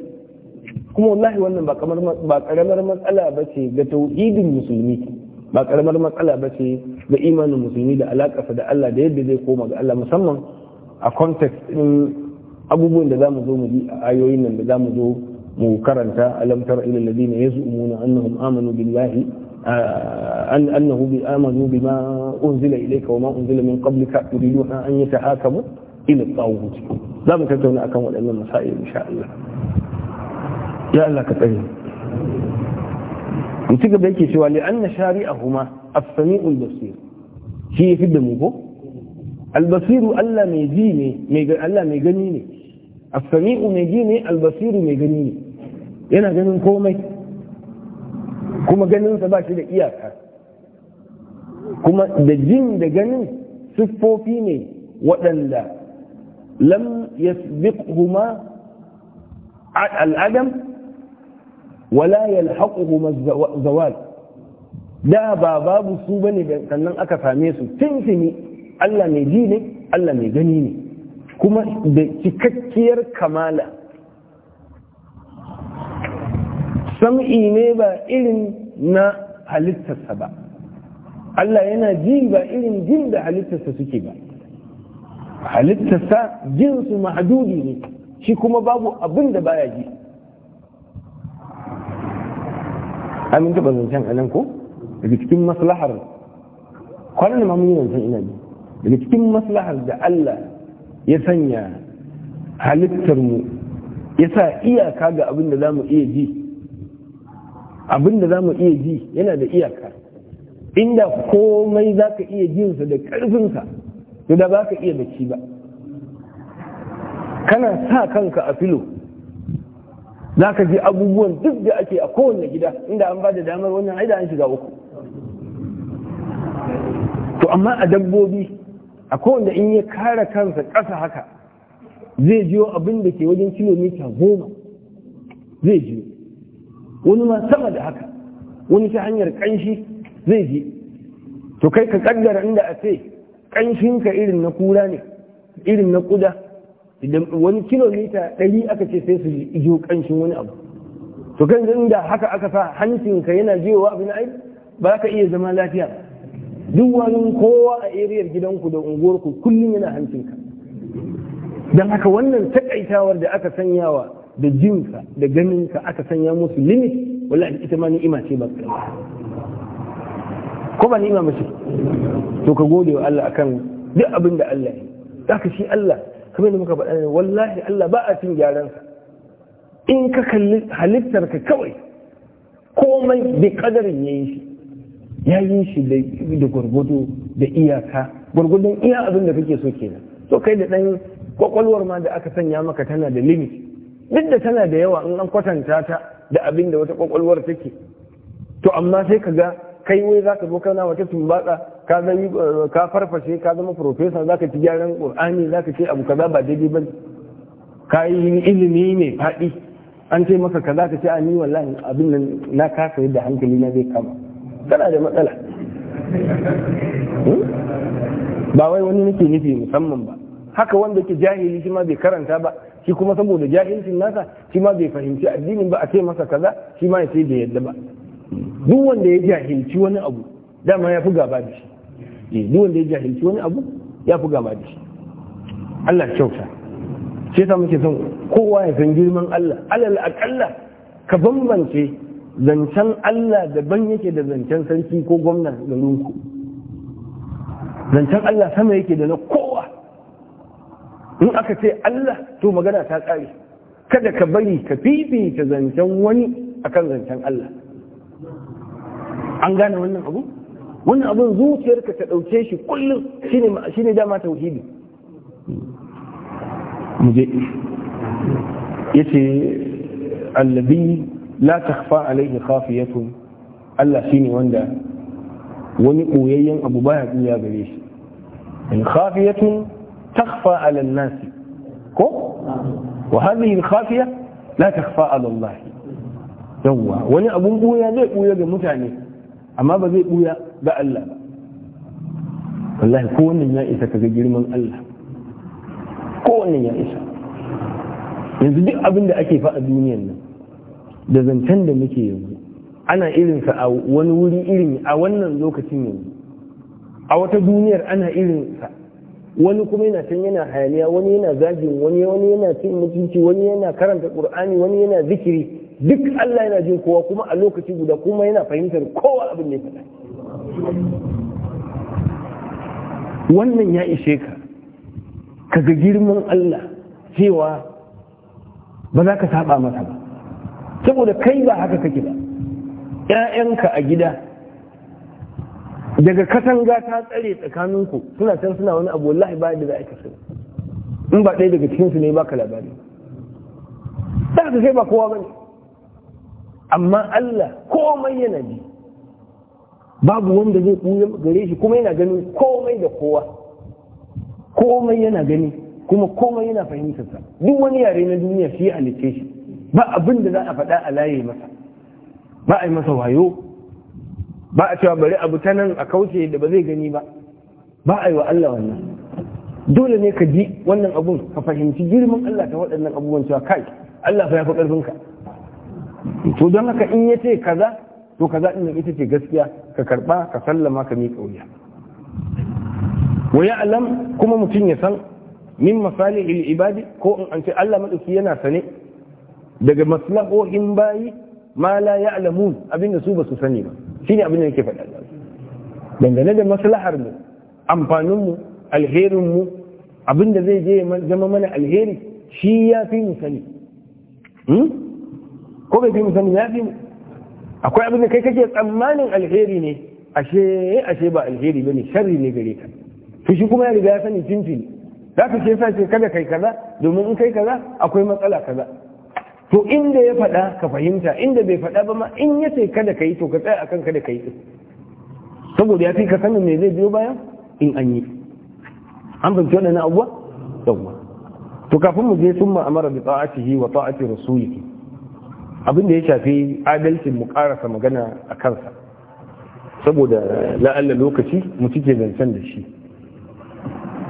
kuma wallahi wannan ba kamar ba karamar matsala ce ga tauhidin musulmi ba karamar matsala ba ce ga imanin musulmi da alakarsa da Allah da yadda zai koma ga Allah musamman a context ɗin abubuwan da za mu zo mu bi a ayoyin nan da za mu zo mu karanta alam tara ila alladhina yaz'umuna annahum amanu billahi أنه آمنوا بما أنزل إليك وما أنزل من قبلك يريدون أن يتحاكموا إلى الطاغوت لا مكتبنا أكم ولا مسائل إن شاء الله يا الله كتبه mutum da yake cewa li anna shari'ahuma as-sami'ul basir shi yafi da mu ko al-basiru Allah mai ji ne mai Allah mai gani ne as-sami'u mai ji ne al-basiru mai gani ne yana ganin komai kuma ganinsa ba shi da iyaka kuma da jin da ganin siffofi ne waɗanda lam yasbiqhuma al'adam wala yalhaquhuma zawal da ba babu su bane da sannan aka same su tuntuni Allah mai ji ne Allah mai gani ne kuma da cikakkiyar kamala sam'i ne ba irin na halittarsa ba Allah yana ji ba irin jin da halittarsa suke ba halittarsa jinsu mahadudi ne shi kuma babu abin da baya ji amin taɓa zancen a nan ko daga cikin maslahar kwanan da mamun yi zancen ina ne daga cikin maslahar da Allah ya sanya halittarmu ya sa iyaka ga abin da za mu iya ji abin da za mu iya ji yana da iyaka inda komai za ka iya jinsa da ƙarfinsa to da ba ka iya bacci ba kana sa kanka a filo za ka ji abubuwan duk da ake a kowane gida inda an ba da damar wannan aida an shiga uku to amma a dabbobi a kowanne in ya kare kansa ƙasa haka zai jiyo abin da ke wajen kilomita goma zai jiyo wani ma sama da haka wani ta hanyar kanshi zai je. to kai ka kaddara inda a ce kanshinka irin na kura ne irin na kuda idan wani kilomita ɗari aka ce sai su jiyo kanshin wani abu to kan da haka aka sa hancinka yana jiyowa abin ai ba ka iya zama lafiya duk wani kowa a eriyar gidanku da unguwarku kullum yana hancinka don haka wannan takaitawar da aka sanyawa da jinka da ganinka aka sanya musu limit wallahi ita ma ni'ima ce ba ko ba ni'ima mace to ka gode wa Allah akan duk abin da Allah ya zaka shi Allah kamar da muka faɗa ne wallahi Allah ba a cin gyaran sa in ka kalli halittar ka kawai komai bi kadarin yayin shi ya yi shi da gwargwado da iyaka gwargwadon iya abin da kake so kenan to kai da ɗan kwakwalwar ma da aka sanya maka tana da limit duk da tana da yawa in an kwatanta ta da abin da wata kwakwalwar take to amma sai ka ga kai wai za ka zo kana wata tumbatsa ka zai ka farfashe ka zama profesa za ka ci gyaran Al-Qur'ani, za ka ce abu kaza ba daidai ba ka yi ilimi mai faɗi an ce maka kaza ka ce a ni wallahi abin nan na kasa yadda hankali na zai kama kana da matsala hmm? ba wai wani nake nufi musamman ba haka wanda ke jahili shi ma bai karanta ba shi kuma saboda jahilcin nasa shi ma bai fahimci addinin ba a ce masa kaza shi ma ya ce bai yadda ba duk wanda ya jahilci wani abu dama ya fi gaba da shi eh, duk wanda ya jahilci wani abu ya fi gaba da shi Allah kyauta shi yasa muke son kowa ya san girman Allah alal akalla ka bambance zancen Allah daban yake da zancen sarki ko gwamnan ku. zancen Allah sama yake da na ko in aka ce Allah to magana ta ƙare kada ka bari ka fifita zancen wani akan zancen Allah an gane wannan abu wannan abun zuciyarka ta ɗauke shi kullum shine shine dama tauhidi muje yace allabi la takhfa alayhi khafiyatun Allah shine wanda wani ɓoyayyen abu baya tsiya gare shi in khafiyatun تخفى على الناس كو وهذه الخافية لا تخفى على الله يوا وني أبو بويا زي بويا ga mutane amma ba zai buya ga Allah ba wallahi ko wannan ya isa kaga girman Allah ko wannan ya isa yanzu duk abin da ake fa a duniyan nan da zancen da muke yanzu ana irinsa a wani wuri irin a wannan lokacin yanzu a wata duniyar ana irinsa wani kuma yana can yana hayaniya wani yana zagin wani wani yana cin mutunci wani yana karanta qur'ani wani yana zikiri duk Allah yana jin kowa kuma a lokaci guda kuma yana fahimtar kowa abin da ya faɗa wannan ya ishe ka kaga girman Allah cewa ba za ka saba masa ba saboda kai ba haka kake ba ‘ya'yanka a gida daga katanga ta tsare tsakanin ku suna can suna wani abu wallahi ba da za a yi kasu in ba ɗaya daga cikinsu ne baka labari za ka sai ba kowa ba amma Allah komai yana bi babu wanda zai ɓuya gare shi kuma yana ganin komai da kowa komai yana gani kuma komai yana fahimtarsa duk wani yare na duniya shi a halice shi ba abin da za a faɗa a laye masa ba a yi masa wayo ba a cewa bari abu ta nan a kauce da ba zai gani ba ba a yi wa Allah wannan dole ne ka ji wannan abun ka fahimci girman Allah ta waɗannan abubuwan cewa kai Allah fa ya fi ƙarfinka to don haka in ya ce kaza to kaza din ita ce gaskiya ka karba ka sallama ka miƙa wuya wa ya'lam kuma mutum ya san min masalihil ibadi ko in an ce Allah madauki yana sane daga maslahohin bayi ma la ya'lamun abinda su ba su sani ba ne abin da yake faɗa dangane da maslahar mu amfanin mu alherin mu abin da zai je zama mana alheri shi ya fi mu sani hmm? ko bai fi mu sani ya fi mu akwai abin da kai kake tsammanin alheri ne ashe ashe ba alheri bane sharri ne gare ka to shi kuma ya riga ya sani tuntuni za ka ce sa ce kada kai kaza domin in kai kaza akwai matsala kaza to inda ya faɗa ka fahimta inda bai faɗa ba ma in ya sai kada ka yi to ka tsaya akan kada ka yi saboda ya fi ka sanin me zai biyo baya in an yi an fahimci waɗannan abuwa yawwa to kafin mu je sun amara bi ta'atihi wa ta'ati rasulihi abin da ya shafi adalcin mu karasa magana a kansa saboda la'alla lokaci mu cike zancen da shi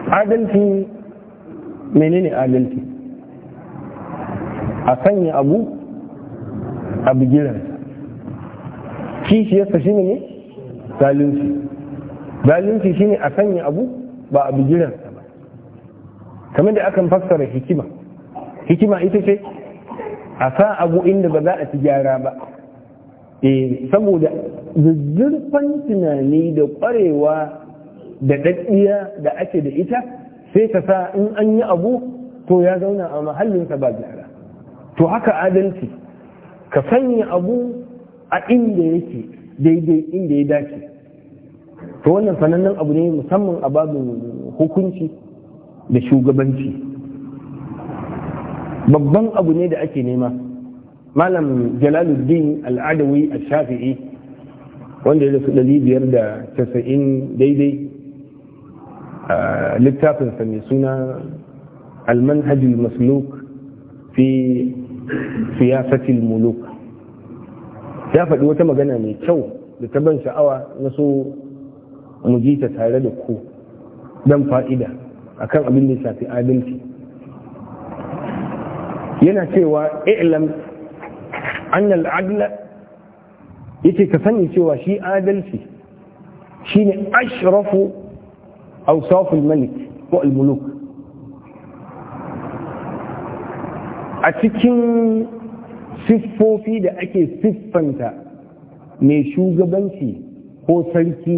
adalci menene adalci a sanya abu a bigiransa kishiyarsa shi ne zalunci zalunci shi ne a sanya abu ba a bigiransa ba kamar da akan fassara hikima hikima ita ce a sa abu inda ba za a ci gyara ba eh, saboda zuzzurfan tunani da kwarewa da ɗaɗɗiya da ake da ita sai ka sa in an yi abu to ya zauna a mahallinsa ba gyara to haka adalci ka sanya abu a inda yake daidai inda ya dace to wannan sanannen abu ne musamman a babin hukunci da shugabanci babban abu ne da ake nema malam jalaluddin al'adawi a shafi'i wanda ya rasu ɗari biyar da casa'in daidai a littafinsa mai suna al-manhajul masluk fi siyasatil muluk ya faɗi wata magana mai kyau da ta ban sha'awa na so mu ji ta tare da ku don fa'ida akan abin da ya shafi adalci yana cewa i'lam annal adla yake ka sani cewa shi adalci shine ashrafu awsaful malik ko al muluk a cikin siffofi da ake siffanta mai shugabanci ko sarki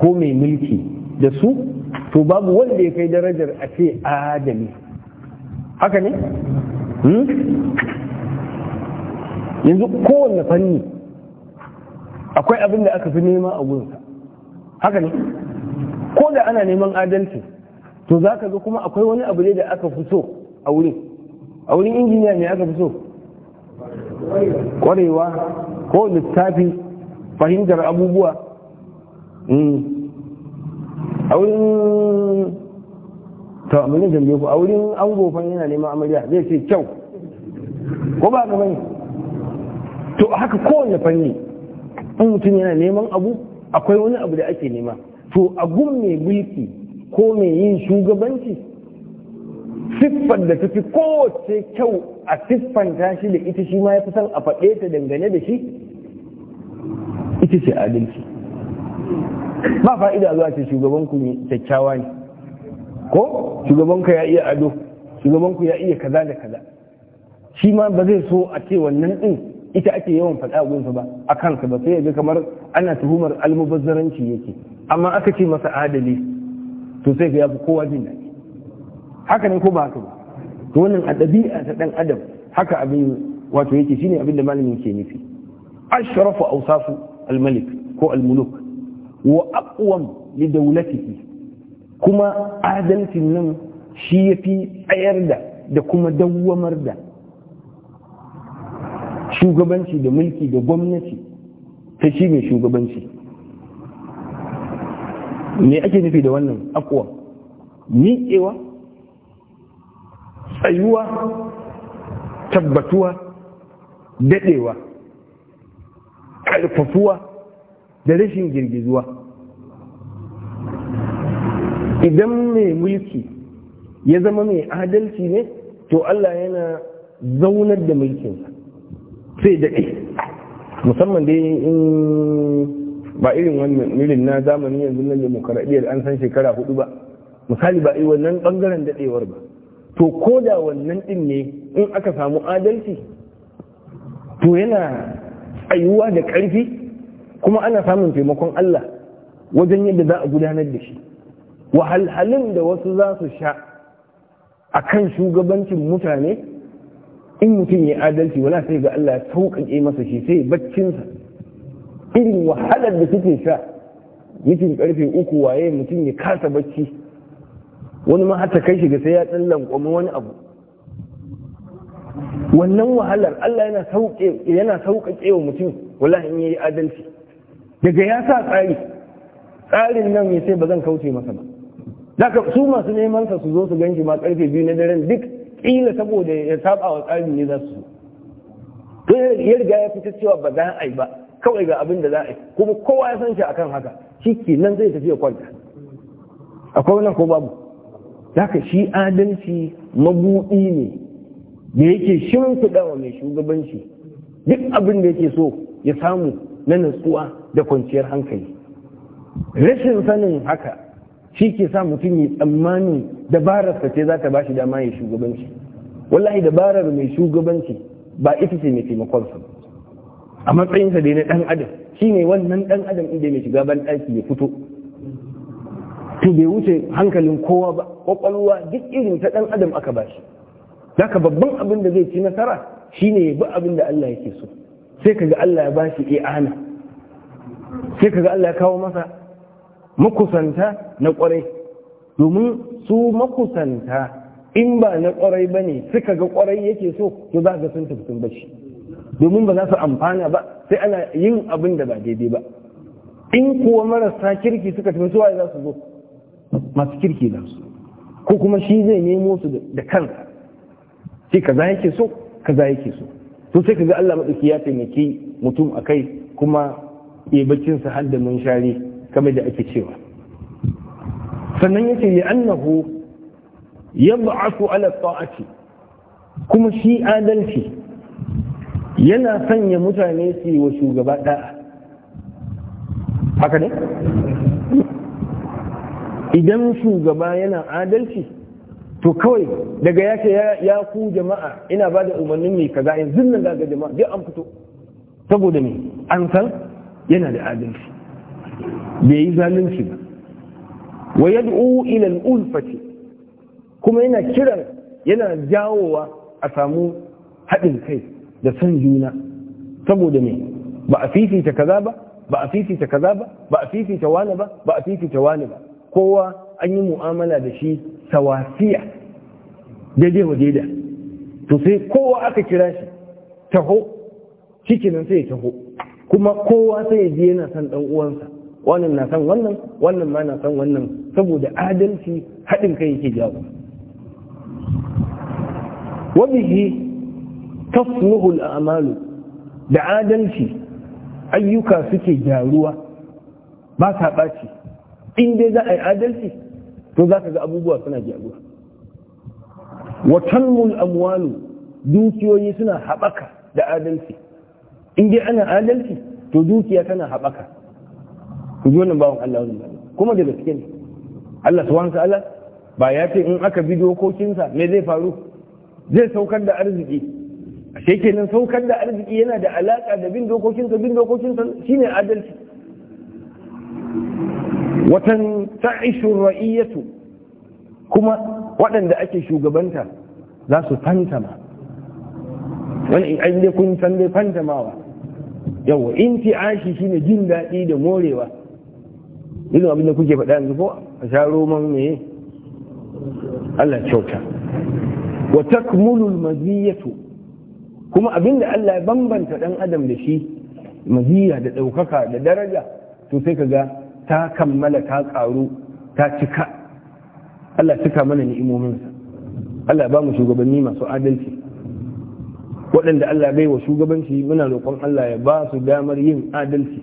ko mai mulki da su to babu wanda ya kai darajar a ce adami haka ne? Hmm? yanzu kowane fanni akwai abin da aka fi nema a gunsa haka ne ko da ana neman adalci to za ka ga kuma akwai wani abu ne da aka fi so a wurin a wurin injiniya mai aka fi so kwarewa ko littafi fahimtar abubuwa hmm. a wurin ta jambe ku a wurin an gofan yana neman amarya zai ce kyau ko ba gaba ne to haka kowane fanni in mutum yana neman abu akwai wani abu da ake nema to a gun mai mulki ko mai yin shugabanci siffar da tafi kowace kyau a siffanta shi da ita shi ma ya fi son a faɗe ta dangane da shi ita ce adalci ba fa'ida zuwa ce shugabanku ne kyakkyawa ne ko shugabanku ya iya ado shugabanku ya iya kaza da kaza shi ma ba zai so a ce wannan din ita ake yawan faɗa gunsa ba a kansa ba sai yaga kamar ana tuhumar almubazzaranci yake amma aka ce masa adali to sai ga yafi kowa jin daɗi haka ne ko ba haka ba to wannan a ɗabi'a ta ɗan adam haka abin wato yake shine abin da malamin ke nufi ashrafu awsafu al-malik ko al-muluk wa aqwam li kuma adalcin nan shi yafi tsayar da da kuma dawwamar da shugabanci da mulki da gwamnati ta shi ne shugabanci me ake nufi da wannan aqwam miƙewa tsayuwa tabbatuwa daɗewa ƙarfafuwa da rashin girgizuwa idan mai mulki ya zama mai adalci ne to Allah yana zaunar da mulkinsa sai daɗe musamman dai in ba irin wannan milin na zamani yanzu na demokaradiyyar an san shekara hudu ba misali ba yi wannan bangaren daɗewar ba to ko da wannan ɗin ne in aka samu adalci to yana tsayuwa da ƙarfi kuma ana samun taimakon Allah wajen yadda za a gudanar da shi wahalhalin da wasu za su sha a kan shugabancin mutane in mutum ya adalci wala sai ga Allah ya sauƙaƙe masa shi sai baccinsa irin wahalar da suke sha mutum ƙarfe uku waye mutum ya kasa bacci wani ma har ta kai shiga sai ya tsallan kwami wani abu wannan wahalar Allah yana sauƙe yana sauƙaƙe wa mutum wallahi in yayi adalci daga ya sa tsari tsarin nan ya sai ba zan kauce masa ba daga su masu neman sa su zo su ganshi ma karfe biyu na daren duk kila saboda ya saba wa tsarin ne za su to ya riga ya fita cewa ba za a yi ba kawai ga abin da za a yi kuma kowa ya san shi akan haka shi nan zai tafi ya kwanta akwai wannan ko babu haka shi adalci mabuɗi ne da yake shimfiɗa wa mai shugabanci duk abin da yake so ya samu na natsuwa da kwanciyar hankali rashin sanin haka shi ke sa mutum ya tsammanin dabararsa ce za ta ba shi dama ya shugabanci wallahi dabarar mai shugabanci ba ita ce mai taimakonsa a matsayinsa dai na ɗan adam ne wannan ɗan adam inda mai shiga ban ɗaki ya fito to bai wuce hankalin kowa ba kwakwalwa duk irin ta ɗan adam aka ba shi daga babban abin da zai ci nasara shine ya bi abin da Allah yake so sai kaga Allah ya bashi i'ana sai kaga Allah ya kawo masa makusanta na kwarai domin su makusanta in ba na kwarai ba ne suka ga kwarai yake so to za ga sun tafi bashi domin ba za su amfana ba sai ana yin abin da ba daidai ba in kuwa marasa kirki suka tafi suwaye za su zo masu kirki da su ko kuma shi zai nemo su da kansa sai kaza yake so kaza yake so to sai kaga Allah madauki ya taimaki mutum a kai kuma ya bacin sa har da munshari kamar da ake cewa sannan yace shirya annahu yab'athu ala ta'ati kuma shi adalci yana sanya mutane su yi wa shugaba da'a haka ne idan shugaba yana adalci to kawai daga ya ce ya ku jama'a ina ba da umarnin mai kaza yanzu nan daga jama'a duk an fito saboda me an san yana da adalci bai yi zalunci ba wa yad'u ila al-ulfati kuma yana kiran yana jawowa a samu haɗin kai da son juna saboda me ba a fifita kaza ba ba a fifita kaza ba ba a fifita wani ba ba a fifita wani ba kowa an yi mu'amala da shi tawafiya daidai wa daida to sai kowa aka kira shi taho nan sai taho kuma kowa sai ya je yana son dan uwansa wannan na san wannan wannan ma na san wannan saboda adalci haɗin kai yake jawo wa bihi tasluhu al-a'malu da adalci ayyuka suke jaruwa ba sa ɓaci in dai za a yi adalci to za ka ga abubuwa suna gyaruwa wa mul amwalu dukiyoyi suna haɓaka da adalci in dai ana adalci to dukiya tana haɓaka ku ji wannan bawon Allah wannan kuma da gaske ne Allah wanka Allah, ba ya ce in aka bi dokokinsa me zai faru zai saukar da arziki ashe kenan saukar da arziki yana da alaka da bin dokokinsa bin dokokinsa shine adalci watan ta'ishu ra'iyatu kuma waɗanda ake shugabanta za su fantama wani in an dai kun san dai fantamawa yawa inti'ashi shine jin daɗi da morewa irin abin da kuke faɗa yanzu ko a sha roman me Allah kyauta wa al maziyatu kuma abinda Allah ya bambanta dan adam da shi maziya da ɗaukaka da daraja to sai ka ga ta kammala ta ƙaru ta cika Allah cika mana ni'imominsa Allah ba mu shugabanni masu adalci waɗanda Allah bai wa shugabanci muna roƙon Allah ya ba su damar yin adalci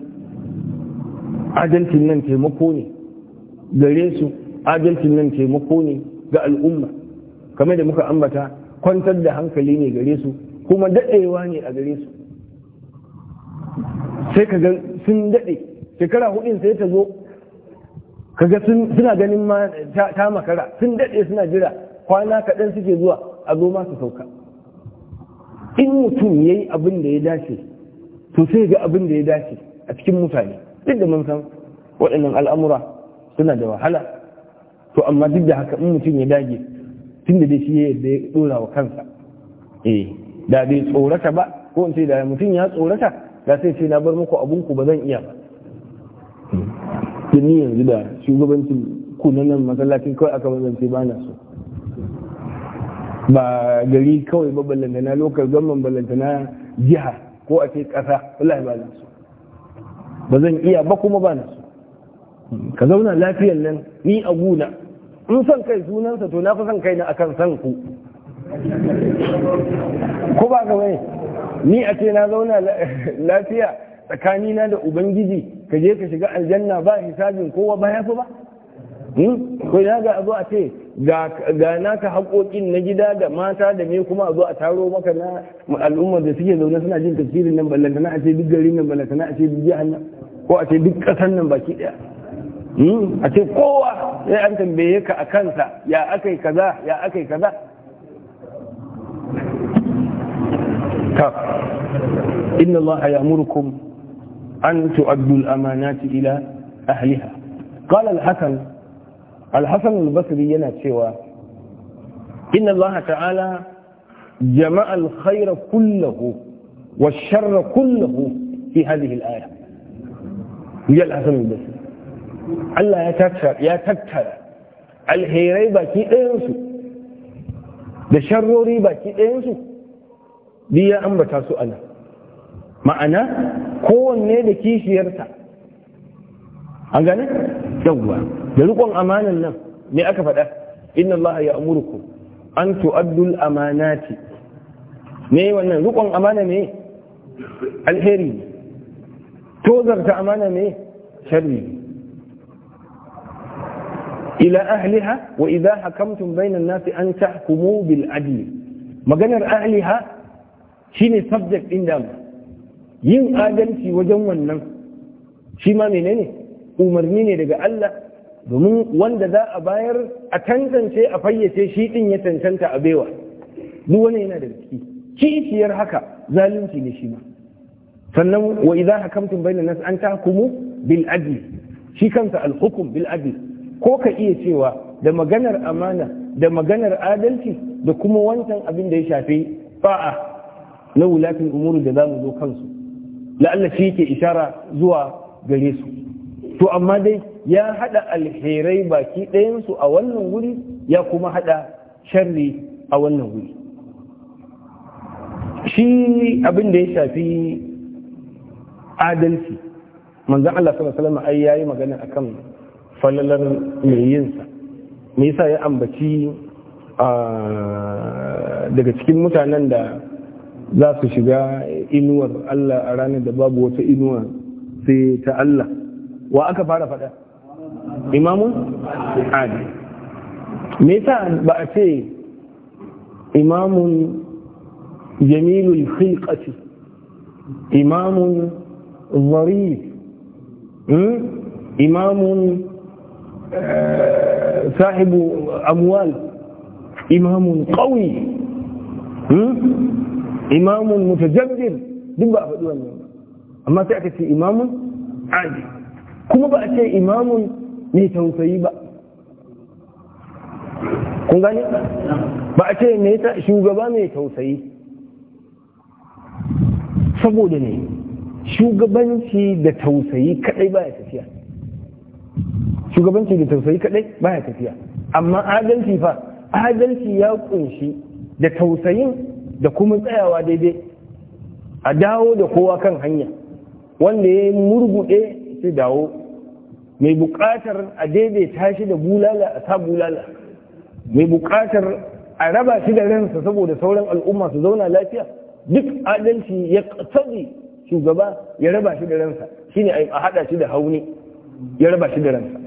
adalcin nan taimako ne gare su adalcin nan taimako ne ga al'umma kamar da muka ambata kwantar da hankali ne gare su kuma daɗewa ne a gare su sai ka ga sun daɗe shekara hudun sai ta zo kaga suna ganin ma ta makara sun dade suna jira kwana kaɗan suke zuwa a zo ma su sauka in mutum ya yi abin da ya dace to sai ga abin da ya dace a cikin mutane duk da mun san waɗannan al'amura suna da wahala to amma duk da haka in mutum ya dage tun da shi yadda ya ɗora wa kansa eh da bai tsorata ba ko in ce da mutum ya tsorata da sai ce na bar muku abinku ba zan iya ba tuni yanzu da shugabancin kunanan masallacin kawai aka mazance ba na so ba gari kawai ba na lokal gwamnan na jiha ko a ce ƙasa wallahi ba na so ba zan iya ba kuma ba na so ka zauna lafiyan nan ni a guna in son kai sunansa to na fi son kai na akan son ku ko ba ka bane ni a ce na zauna lafiya tsakanina da ubangiji ka je ka shiga aljanna ba hisabin kowa ba ya fi ba hmm? ko ya ga a zo a ce ga naka haƙoƙin na gida da mata da me kuma a zo a taro maka na al'ummar da suke zaune suna jin tafsirin nan na a ce duk garin nan na a ce duk jihar nan ko a ce duk ƙasar nan baki ɗaya hmm? a ce kowa sai an tambaye ka a kansa ya aka yi kaza ya akai kaza ta inna Allah ya murkum أن تؤدوا الأمانات إلى أهلها قال الحسن الحسن البصري ينتشوى إن الله تعالى جمع الخير كله والشر كله في هذه الآية هي الحسن البصري الله يتكتر يتكتر alherai baki ɗayansu da sharrori baki ɗayansu duk ya ambata su ana ma'ana kowanne da kishiyarsa an gane yawwa da rikon amanan nan me aka faɗa inna allaha ya amurku an tu'addul amanati me wannan rikon amana me alheri tozarta amana me sharri ila ahliha wa idza hakamtum bayna an-nasi an tahkumu bil adl maganar ahliha shine subject din da yin adalci wajen wannan shi ma menene umarni ne daga Allah domin wanda za a bayar a tantance a fayyace shi din ya tantanta a baiwa duk wani yana da ciki kiciyar haka zalunci ne shi ma sannan wa idza hakamtum bainan nas an tahkumu bil adl shi kansa al hukm bil adl ko ka iya cewa da maganar amana da maganar adalci da kuma wancan abin da ya shafi fa'a na wulafin umuru da zamu zo kansu la'alla shi ke ishara zuwa gare su to amma dai ya hada alherai baki ɗayansu a wannan wuri ya kuma hada sharri a wannan wuri shi abin da ya shafi adalci manzan Allah sallallahu alaihi wasallam ai magana akan falalar mai yinsa me yasa ya ambaci ah, daga cikin mutanen da za su shiga inuwar Allah a ranar da babu wata inuwa sai ta Allah wa aka fara faɗa imamun adi me yasa ba a ce imamun jamilul khilqati imamun zarif hmm? imamun eh, sahibu amwal imamun qawi hmm? imamun mutajabbir duk ba a faɗi wannan ba amma sai aka ce imamun adi kuma ba a ce imamun mai tausayi ba kun gane ba a ce mai shugaba mai tausayi saboda shugabanci da tausayi kadai baya tafiya shugabanci da tausayi kadai baya tafiya amma adalci fa adalci ya kunshi da tausayin da kuma tsayawa daidai a dawo da kowa kan hanya wanda ya yi murguɗe su dawo mai buƙatar a daidaita shi da bulala a sa bulala mai buƙatar a raba shi da ransa saboda sauran al'umma su zauna lafiya duk adalci ya tsari shugaba ya raba shi da ransa shine a haɗa shi da hauni ya raba shi da ransa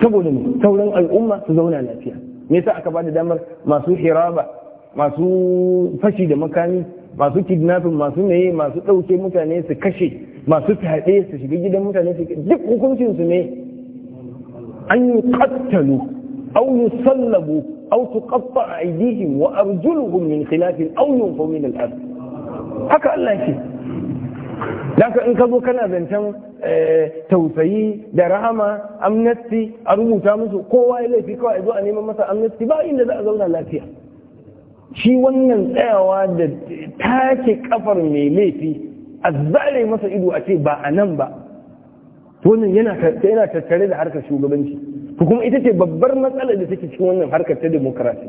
saboda sauran al'umma su zauna lafiya me yasa aka da damar masu hiraba masu fashi da makami masu kidnapping masu meye masu ɗauke mutane su kashe masu fyaɗe su shiga gidan mutane su duk hukuncinsu ne an yi kattalu au yi sallabu au su a aidihim wa arjuluhum min khilafin au yin faumin al'ad haka Allah ce Daka in ka zo kana zancen eh, tausayi da rahama amnesty a rubuta musu kowa ya laifi kawai zo a neman masa amnesty ba inda za a zauna lafiya shi wannan tsayawa da take kafar mai laifi a zare masa ido a ce ba a nan ba wannan yana tattare da harkar shugabanci ko kuma ita ce babbar matsalar da take cikin wannan harkar ta demokrasi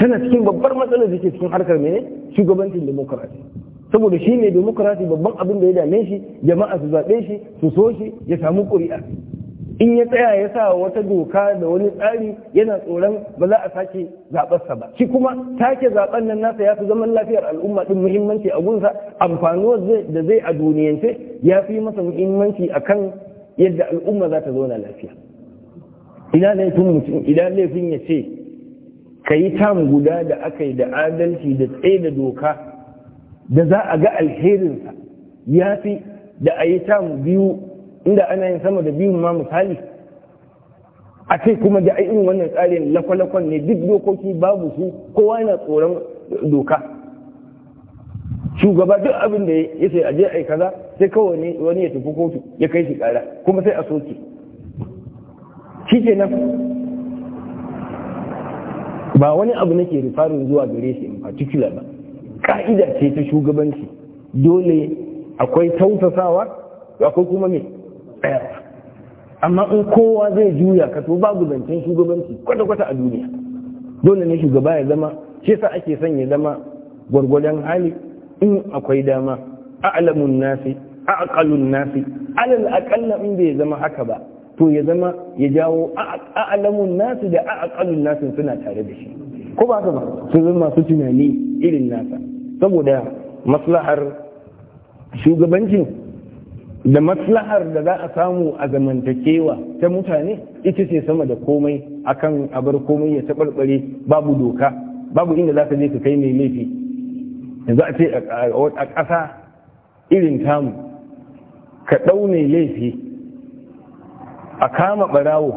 tana cikin babbar matsalar da ke cikin harkar mai shugabancin demokrasi saboda shi ne demokrasi babban abin da ya dame shi jama'a su zaɓe shi su so shi ya samu ƙuri'a in ya tsaya ya sa wata doka da wani tsari yana tsoron ba za a sake zaɓarsa ba shi kuma take zaɓen nan nasa ya fi zaman lafiyar al'umma ɗin muhimmanci a gunsa amfanuwar da zai a duniyance ya fi masa muhimmanci a kan yadda al'umma za ta zauna lafiya ina laifin mutum idan laifin ya ce ka yi tam guda da aka yi da adalci da tsaye da doka da za a ga alherinsa ya fi da a yi tam biyu inda ana yin sama da biyun ma misali a ce kuma da irin wannan tsarin lakwalakwan ne duk dokoki babu su kowa yana tsoron doka shugaba duk abin da ya sai aje ai kaza sai kawai wani ya tafi kotu ya kai shi kara kuma sai a soke shi nan ba wani abu nake rifarin zuwa gare shi in particular ba ka'ida ce ta shugabanci dole akwai tausasawa akwai kuma mai. tsayarwa amma in kowa zai juya ka to babu zancen shugabanci kwata-kwata a duniya dole ne shugaba ya zama shi sa ake son ya zama gwargwadon hali in akwai dama a'lamun nasi akalun nasi alal akalla in bai zama haka ba to ya zama ya jawo a'lamun nasi da akalun nasi suna tare da shi ko ba ka ba su zama masu tunani irin nasa saboda maslahar shugabancin da maslahar da za a samu a zamantakewa ta mutane ita ce sama da komai akan abar komai ya tabarbare babu doka babu inda za ka je ka kai mai laifi yanzu a ce a ƙasa irin tamu ka ɗau mai laifi a kama ɓarawo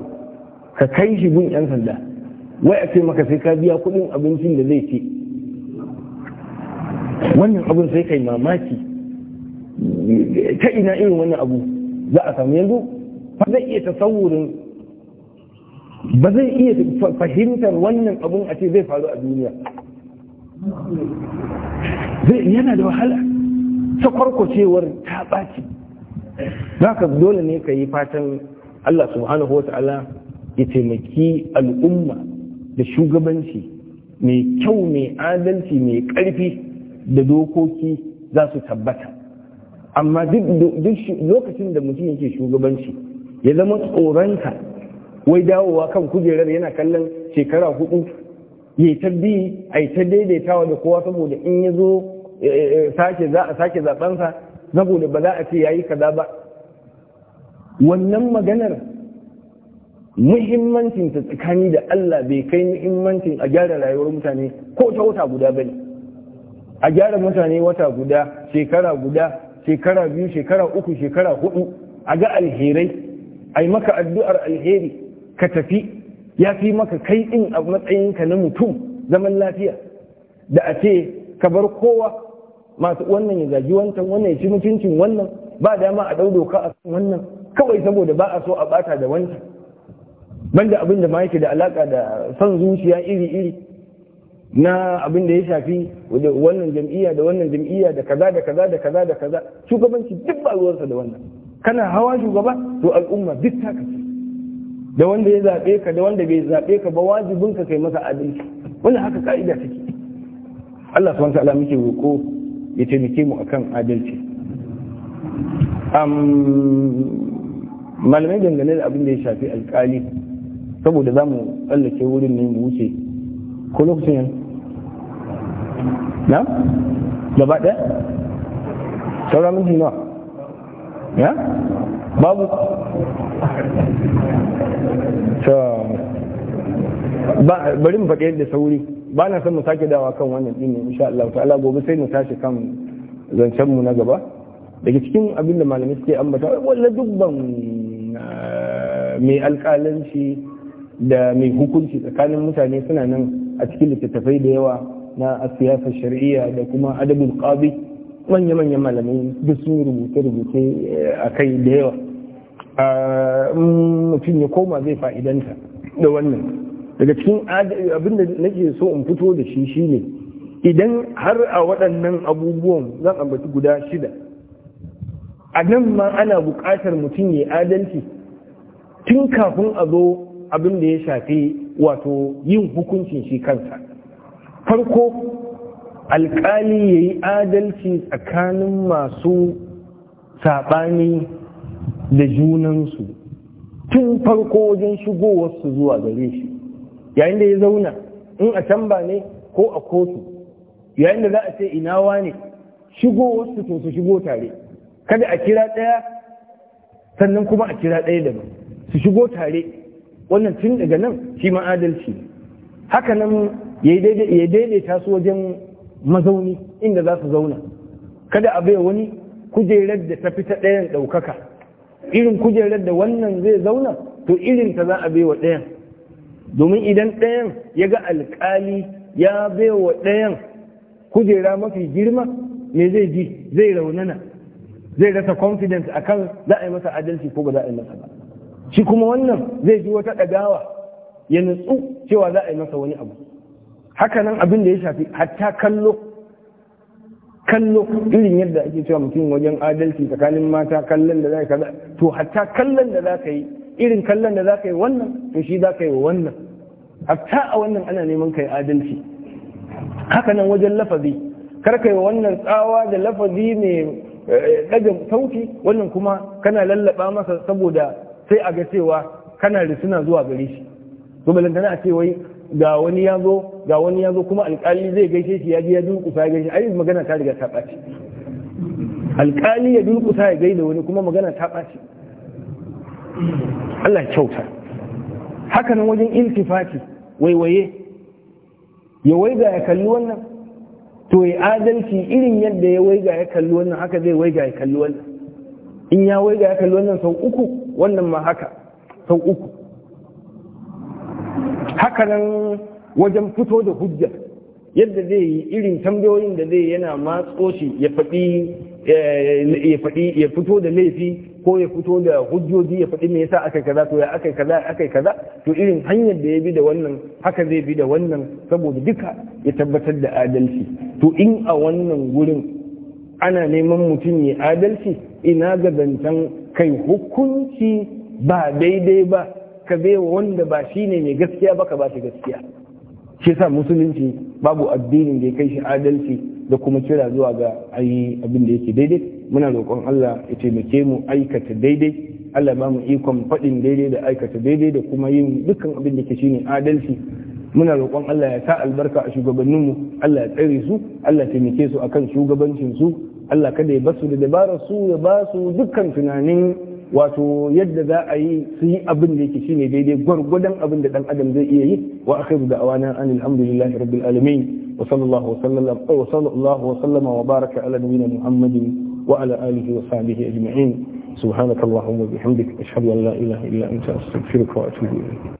ka kai shi gun 'yan sanda wai a ce maka sai ka biya kuɗin abincin da zai ci wannan abin sai kai mamaki ta ina irin wannan abu za a samu yanzu ba zai iya tasawurin ba zai iya fahimtar wannan abun a ce zai faru a duniya yana da wahala ta kwarkwacewar ta ɓaci za ka dole ne ka yi fatan Allah subhanahu wa ta'ala ya taimaki al'umma da shugabanci mai kyau mai adalci mai ƙarfi da dokoki za su tabbata amma duk lokacin da mutum yake shugabanci ya zama tsoronka wai dawowa kan kujerar yana kallon shekara hudu ya ta bi a ta daidaitawa da kowa saboda in ya zo eh, eh, eh, sake za sake zaɓensa saboda ba za a ce ya yi kaza ba wannan maganar muhimmancin ta tsakani da Allah bai kai muhimmancin a gyara rayuwar mutane ko ta wata guda bane a gyara mutane wata guda shekara guda shekara biyu shekara uku shekara hudu a ga alherai ai maka addu'ar alheri ka tafi ya fi maka kai din a matsayinka na mutum zaman lafiya da a ce ka bar kowa masu wannan ya zagi wancan wannan ya ci mutuncin wannan ba dama a ɗau doka a wannan kawai saboda ba a so a bata da wancan banda abinda da ma yake da alaka da son zuciya iri iri na abin da ya shafi wannan jam'iyya da wannan jam'iyya da kaza da kaza da kaza da kaza shugabanci duk ba ruwansa da wannan kana hawa shugaba to al'umma duk ta kasu da wanda ya zaɓe ka da wanda bai zaɓe ka ba wajibin ka kai masa adalci wannan haka ka'ida take Allah subhanahu wa ta'ala muke roko ya taimake mu akan adalci malamai dangane da abin da ya shafi alƙali saboda za mu tsallake wurin ne mu wuce ko lokacin na gaba ɗaya mun ya babu bari mu faɗi yadda sauri ba na son mu sake dawa kan wannan ɗin ne insha Allah ta'ala gobe sai mu tashi kan zancen mu na gaba daga cikin abin da malamai suke ambata walla dubban ah, mai alƙalanci da mai hukunci tsakanin mutane suna nan a cikin littattafai da yawa na siyasar shari'a da kuma adabul qadi manya-manyan malamai da sun rubuce-rubuce eh, a kai da yawa ah, mutum ya koma zai fa'idanta da wannan daga cikin abin da nake so in fito da shi shine idan har a waɗannan abubuwan zan ambaci guda shida a nan ma ana buƙatar mutum ya adalci tun kafin a zo abin da ya shafi wato yin hukuncin shi kansa farko alƙali ya yi adalci tsakanin masu saɓani da junansu tun farko wajen shigowarsu zuwa gare shi yayin da ya zauna in a ba ne ko a kotu yayin da za a ce inawa ne shigowarsu to su shigo tare kada a kira ɗaya sannan kuma a kira ɗaya daban su shigo tare wannan tun daga nan shi ma adalci haka nan ya daidaita su wajen mazauni inda za su zauna kada a bai wani kujerar da ta fita ɗayan ɗaukaka irin kujerar da wannan zai zauna to irin ta za a bai wa ɗayan domin idan ɗayan ya ga alƙali ya bai ɗayan kujera mafi girma me zai ji zai raunana zai rasa confidence akan za a yi masa adalci ko ba za a yi masa ba shi kuma wannan zai ji wata ɗagawa ya nutsu cewa za a yi masa wani abu hakanan abin da ya shafi hatta kallo kallo irin yadda ake cewa mutum wajen adalci tsakanin mata kallon da za ka to hatta kallon da za ka yi irin kallon da za ka yi wannan to shi za ka yi wa wannan hatta a wannan ana neman ka yi adalci hakanan wajen lafazi kar ka yi wa wannan tsawa da lafazi mai eh, ɗaga sauti wannan kuma kana lallaba masa saboda sai a ga cewa kana suna zuwa gare shi to lantana a ce wai ga wani ya zo ga wani ya zo kuma alkali zai gaishe shi ya je ya durƙusa ya gaishe ai magana ta riga ta ɓaci alkali ya durƙusa ya gaida wani kuma magana ta ɓaci Allah kyauta hakanan wajen iltifati waiwaye ya waiga ya kalli wannan to ya adalci irin yadda ya waiga ya kalli wannan haka zai waiga ya kalli wannan in ya waiga ya kalli wannan sau uku wannan ma haka sau uku hakanan wajen fito da hujjar yadda zai yi irin tambayoyin da zai yana matso shi ya eh, ya fito da laifi ko ya fito da hujjoji ya faɗi me yasa aka kaza to ya aka kaza aka kaza to irin hanyar da ya bi da wannan haka zai bi da wannan saboda duka ya tabbatar da adalci to in a wannan gurin ana neman mutum ya adalci ina ga zancen kai hukunci ba daidai ba ka wa wanda ba shi ne mai gaskiya ba ka ba shi gaskiya shi sa musulunci babu addinin da ya kai shi adalci da kuma kira zuwa ga ayi abin da yake daidai muna roƙon Allah ya taimake mu aikata daidai Allah ba mu ikon faɗin daidai da aikata daidai da kuma yin dukkan abin da ke shine adalci muna roƙon Allah ya sa albarka a shugabanninmu Allah ya tsare su Allah ya taimake su akan shugabancin su Allah kada ya basu da dabarar su ya ba su dukkan tunanin wato yadda za a yi su yi abin da yake shine daidai gwargwadon abin da dan adam zai iya yi wa akhiru da awana anil hamdulillahi rabbil alamin wa sallallahu wa sallam wa sallallahu wa sallama wa baraka ala nabiyyina muhammadin wa ala alihi wa sahbihi ajma'in subhanakallahumma wa bihamdika ashhadu an la ilaha illa anta astaghfiruka wa atubu ilayk